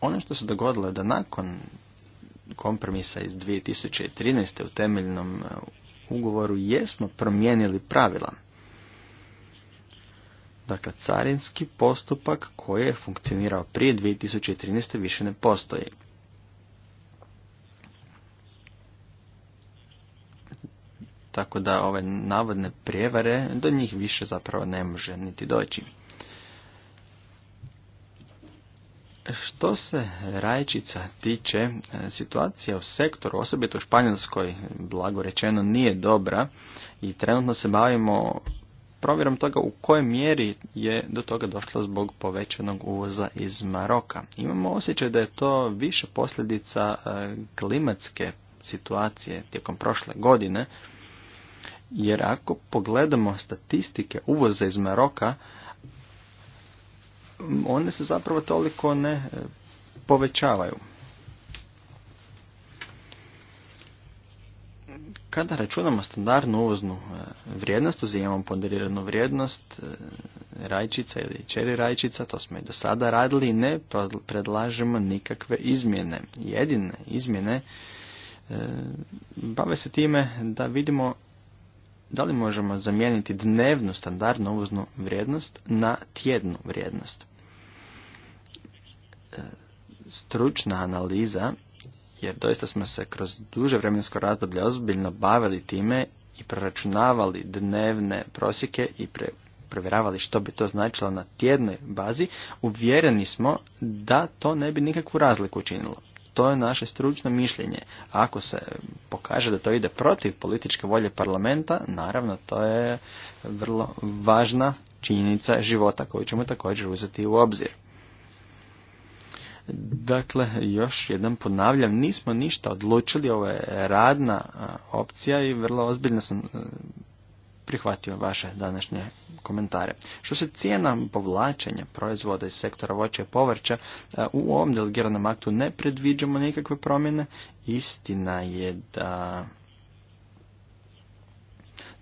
Ono što se dogodilo je da nakon kompromisa iz 2013. u temeljnom ugovoru jesmo promijenili pravila. Dakle, carinski postupak koji je funkcionirao prije 2013. više ne postoji. Tako da ove navodne prijevare do njih više zapravo ne može niti doći. Što se rajčica tiče, e, situacija u sektoru, osobito u Španjolskoj, blago rečeno, nije dobra i trenutno se bavimo provjerom toga u kojoj mjeri je do toga došlo zbog povećanog uvoza iz Maroka. Imamo osjećaj da je to više posljedica e, klimatske situacije tijekom prošle godine, jer ako pogledamo statistike uvoza iz Maroka, one se zapravo toliko ne e, povećavaju. Kada računamo standardnu uvoznu e, vrijednost, uzimamo ponderiranu vrijednost e, rajčica ili čeri rajčica, to smo i do sada radili ne predlažemo nikakve izmjene. Jedine izmjene bave se time da vidimo da li možemo zamijeniti dnevnu standardnu uvoznu vrijednost na tjednu vrijednost stručna analiza, jer doista smo se kroz duže vremensko razdoblje ozbiljno bavili time i proračunavali dnevne prosjeke i provjeravali što bi to značilo na tjednoj bazi, uvjereni smo da to ne bi nikakvu razliku učinilo. To je naše stručno mišljenje. ako se pokaže da to ide protiv političke volje parlamenta, naravno to je vrlo važna činjenica života koju ćemo također uzeti u obzir. Dakle, još jednom ponavljam, nismo ništa odlučili, ovo je radna opcija i vrlo ozbiljno sam e, prihvatio vaše današnje komentare. Što se cijena povlačenja proizvoda iz sektora voća i povrća, e, u ovom delegiranom aktu ne predviđamo nikakve promjene. Istina je da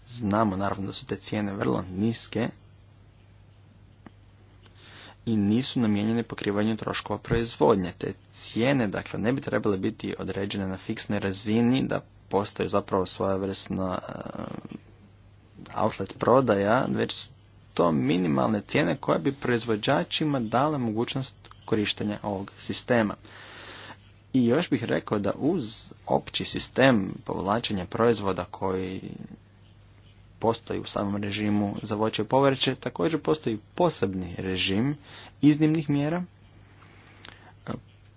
znamo naravno da su te cijene vrlo niske i nisu namijenjene pokrivanju troškova proizvodnje. Te cijene dakle, ne bi trebale biti određene na fiksnoj razini da postaju zapravo svojevrsna eh, outlet prodaja, već su to minimalne cijene koje bi proizvođačima dale mogućnost korištenja ovog sistema. I još bih rekao da uz opći sistem povlačenja proizvoda koji postoji u samom režimu za voće i povrće, također postoji posebni režim iznimnih mjera e,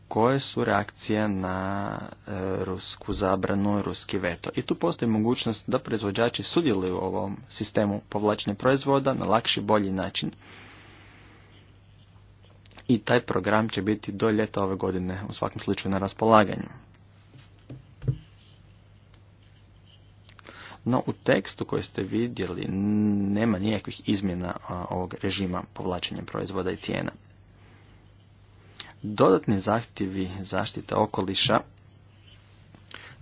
koje su reakcije na e, rusku zabranu, ruski veto. I tu postoji mogućnost da proizvođači sudjeluju u ovom sistemu povlačenja proizvoda na lakši, bolji način. I taj program će biti do ljeta ove godine u svakom slučaju na raspolaganju. No u tekstu koji ste vidjeli nema nijakvih izmjena ovog režima povlačenja proizvoda i cijena. Dodatni zahtjevi zaštite okoliša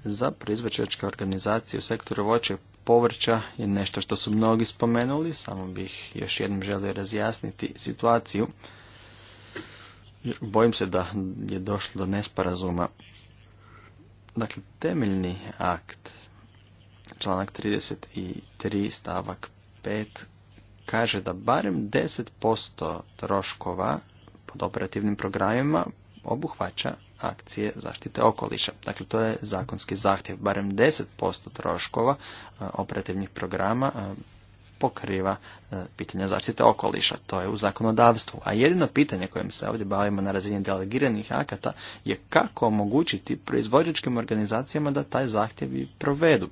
za proizvođačke organizacije u sektoru voća povrća je nešto što su mnogi spomenuli, samo bih još jednom želio razjasniti situaciju. Bojim se da je došlo do nesporazuma. Dakle, temeljni akt članak 33 stavak 5 kaže da barem 10% troškova pod operativnim programima obuhvaća akcije zaštite okoliša. Dakle, to je zakonski zahtjev. Barem 10% troškova e, operativnih programa e, pokriva e, pitanja zaštite okoliša. To je u zakonodavstvu. A jedino pitanje kojim se ovdje bavimo na razini delegiranih akata je kako omogućiti proizvođačkim organizacijama da taj zahtjev i provedu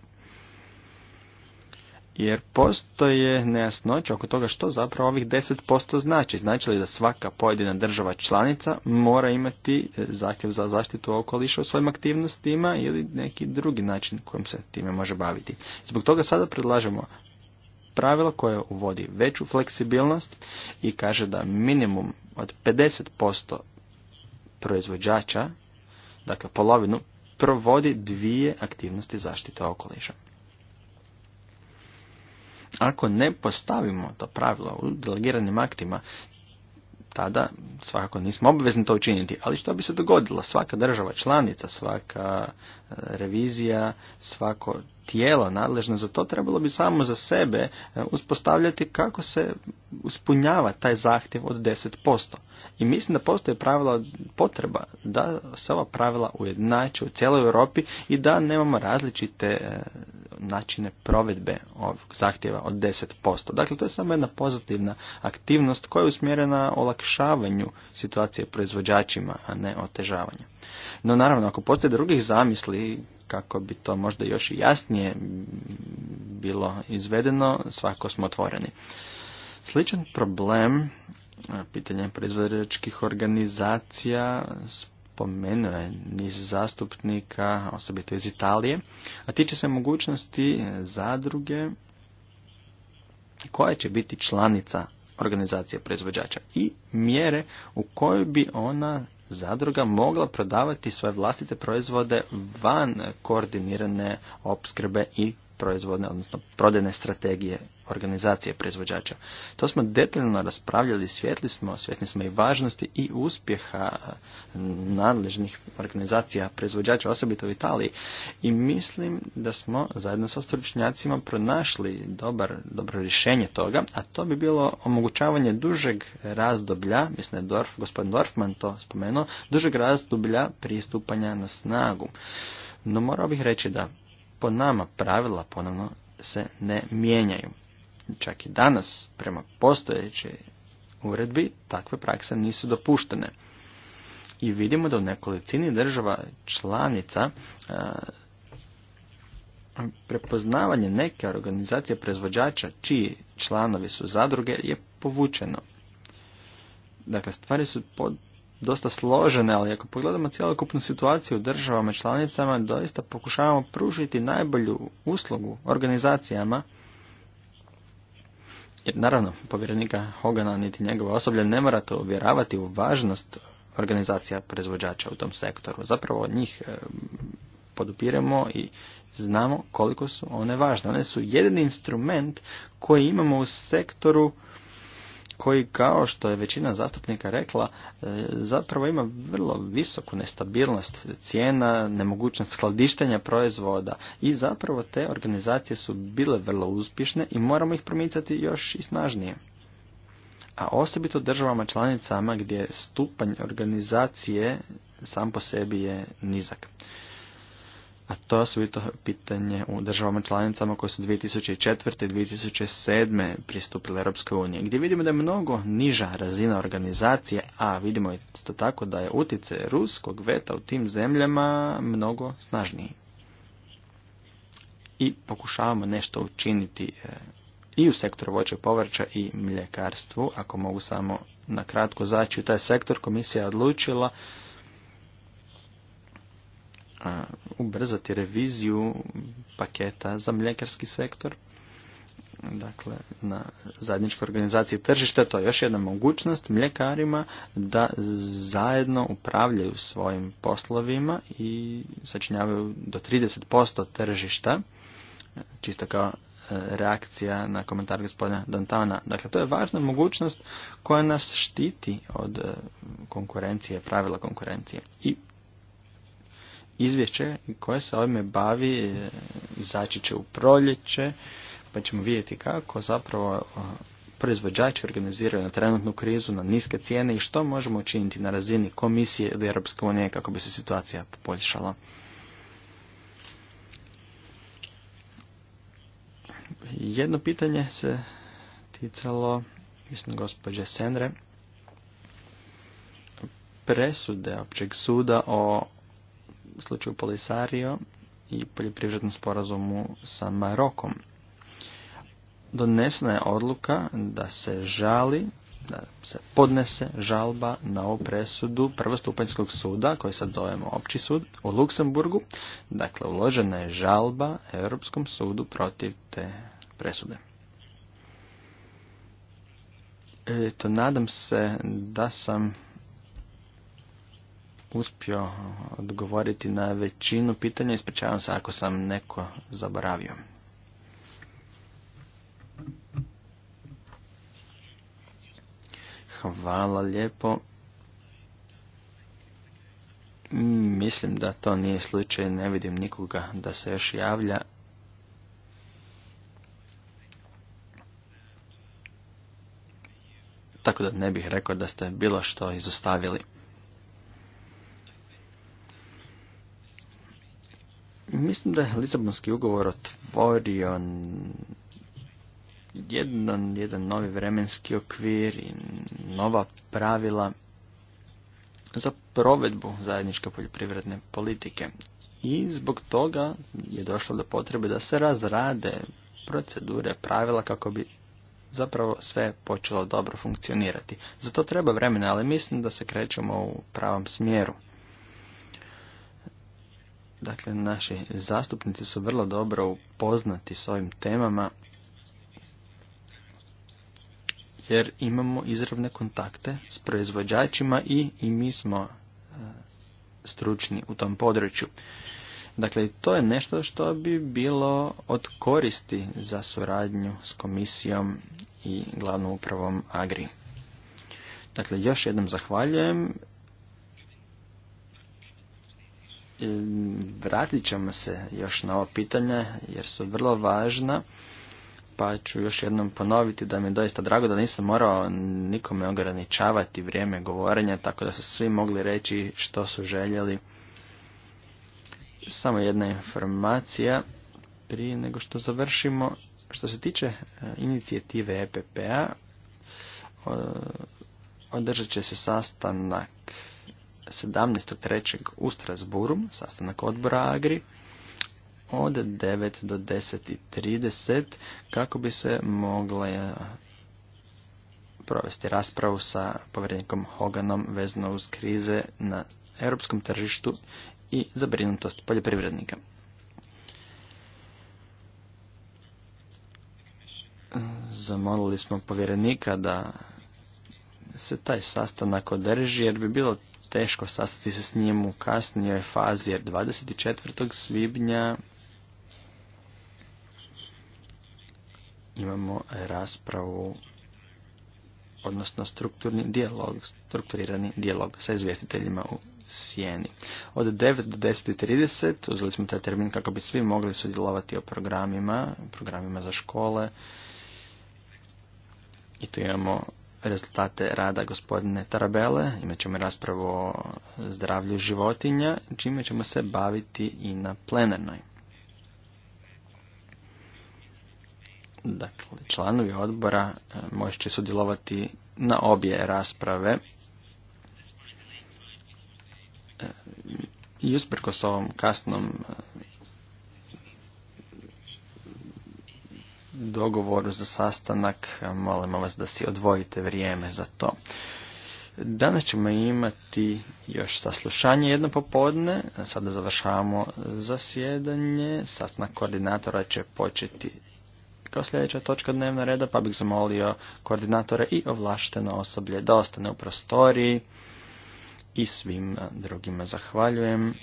jer postoje nejasnoće oko toga što zapravo ovih 10% znači. Znači li da svaka pojedina država članica mora imati e, zahtjev za zaštitu okoliša u svojim aktivnostima ili neki drugi način kojim se time može baviti. Zbog toga sada predlažemo pravilo koje uvodi veću fleksibilnost i kaže da minimum od 50% proizvođača, dakle polovinu, provodi dvije aktivnosti zaštite okoliša. Ako ne postavimo to pravilo u delegiranim aktima, tada svakako nismo obvezni to učiniti. Ali što bi se dogodilo? Svaka država članica, svaka eh, revizija, svako tijelo nadležno za to trebalo bi samo za sebe e, uspostavljati kako se uspunjava taj zahtjev od 10%. I mislim da postoje pravila potreba da se ova pravila ujednače u cijeloj Europi i da nemamo različite e, načine provedbe ovog zahtjeva od 10%. Dakle, to je samo jedna pozitivna aktivnost koja je usmjerena olakšavanju situacije proizvođačima, a ne otežavanju. No naravno, ako postoje drugih zamisli kako bi to možda još jasnije bilo izvedeno, svako smo otvoreni. Sličan problem, pitanje proizvođačkih organizacija, spomenuo je niz zastupnika, osobito iz Italije, a tiče se mogućnosti zadruge koja će biti članica organizacije proizvođača i mjere u kojoj bi ona zadruga mogla prodavati svoje vlastite proizvode van koordinirane opskrbe i proizvodne, odnosno prodajne strategije organizacije proizvođača. To smo detaljno raspravljali, svjetli smo, svjesni smo i važnosti i uspjeha e, nadležnih organizacija proizvođača, osobito u Italiji. I mislim da smo zajedno sa stručnjacima pronašli dobar, dobro rješenje toga, a to bi bilo omogućavanje dužeg razdoblja, mislim da je Dorf, gospodin Dorfman to spomenuo, dužeg razdoblja pristupanja na snagu. No morao bih reći da po nama pravila ponovno se ne mijenjaju čak i danas prema postojećoj uredbi takve prakse nisu dopuštene. I vidimo da u nekolicini država članica prepoznavanje neke organizacije proizvođača čiji članovi su zadruge je povučeno. Dakle, stvari su dosta složene, ali ako pogledamo cijelokupnu situaciju u državama članicama, doista pokušavamo pružiti najbolju uslugu organizacijama jer naravno, povjerenika Hogana niti njegova osoblja ne morate uvjeravati u važnost organizacija proizvođača u tom sektoru. Zapravo njih e, podupiremo i znamo koliko su one važne. One su jedini instrument koji imamo u sektoru koji kao što je većina zastupnika rekla e, zapravo ima vrlo visoku nestabilnost cijena, nemogućnost skladištenja proizvoda i zapravo te organizacije su bile vrlo uspješne i moramo ih promicati još i snažnije. A osobito državama članicama gdje stupanj organizacije sam po sebi je nizak a to su to pitanje u državama članicama koje su 2004. i 2007. pristupile Europskoj uniji, gdje vidimo da je mnogo niža razina organizacije, a vidimo isto tako da je utjece ruskog veta u tim zemljama mnogo snažniji. I pokušavamo nešto učiniti e, i u sektoru voća povrća i mljekarstvu, ako mogu samo na kratko zaći u taj sektor, komisija je odlučila ubrzati reviziju paketa za mljekarski sektor. Dakle, na zajedničkoj organizaciji tržišta to je još jedna mogućnost mljekarima da zajedno upravljaju svojim poslovima i sačinjavaju do 30% tržišta, čisto kao e, reakcija na komentar gospodina Dantana. Dakle, to je važna mogućnost koja nas štiti od e, konkurencije, pravila konkurencije. I izvješće koje se ovime bavi e, izaći će u proljeće pa ćemo vidjeti kako zapravo e, proizvođači organiziraju na trenutnu krizu, na niske cijene i što možemo učiniti na razini komisije ili Europske unije kako bi se situacija poboljšala. Jedno pitanje se ticalo, mislim, gospođe Senre, presude općeg suda o slučaju Polisario i poljoprivrednom sporazumu sa Marokom. Donesena je odluka da se žali, da se podnese žalba na ovu presudu prvostupanjskog suda, koji sad zovemo Opći sud, u Luksemburgu. Dakle, uložena je žalba Europskom sudu protiv te presude. Eto, nadam se da sam uspio odgovoriti na većinu pitanja. Ispričavam se ako sam neko zaboravio. Hvala lijepo. Mislim da to nije slučaj, ne vidim nikoga da se još javlja. Tako da ne bih rekao da ste bilo što izostavili. Mislim da je Lisabonski ugovor otvorio jedan, jedan novi vremenski okvir i nova pravila za provedbu zajedničke poljoprivredne politike. I zbog toga je došlo do potrebe da se razrade procedure, pravila kako bi zapravo sve počelo dobro funkcionirati. Za to treba vremena, ali mislim da se krećemo u pravom smjeru. Dakle, naši zastupnici su vrlo dobro upoznati s ovim temama jer imamo izravne kontakte s proizvođačima i, i mi smo e, stručni u tom području. Dakle, to je nešto što bi bilo od koristi za suradnju s komisijom i glavnom upravom Agri. Dakle, još jednom zahvaljujem Vratit ćemo se još na ovo pitanje jer su vrlo važna pa ću još jednom ponoviti da mi je doista drago da nisam morao nikome ograničavati vrijeme govorenja, tako da su svi mogli reći što su željeli. Samo jedna informacija prije nego što završimo. Što se tiče e, inicijative EPP-a, održat će se sastanak 17.3. u Strasburu, sastanak odbora Agri, od 9 do 10.30 kako bi se mogla eh, provesti raspravu sa povjerenikom Hoganom vezano uz krize na europskom tržištu i zabrinutost poljoprivrednika. Zamolili smo povjerenika da se taj sastanak održi jer bi bilo teško sastati se s njim u kasnijoj fazi jer 24. svibnja imamo raspravu odnosno strukturni dijalog, strukturirani dijalog sa izvjestiteljima u Sijeni. Od 9 do 10.30 uzeli smo taj termin kako bi svi mogli sudjelovati o programima, programima za škole. I tu imamo rezultate rada gospodine Tarabele, imat ćemo raspravu o zdravlju životinja, čime ćemo se baviti i na plenarnoj. Dakle, članovi odbora e, moći će sudjelovati na obje rasprave. E, I usprkos ovom kasnom e, dogovoru za sastanak. Molimo vas da si odvojite vrijeme za to. Danas ćemo imati još saslušanje jedno popodne. Sada završavamo zasjedanje. Sastanak koordinatora će početi kao sljedeća točka dnevna reda, pa bih zamolio koordinatora i ovlašteno osoblje da ostane u prostoriji i svim drugima zahvaljujem,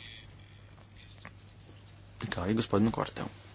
kao i gospodinu Korteu.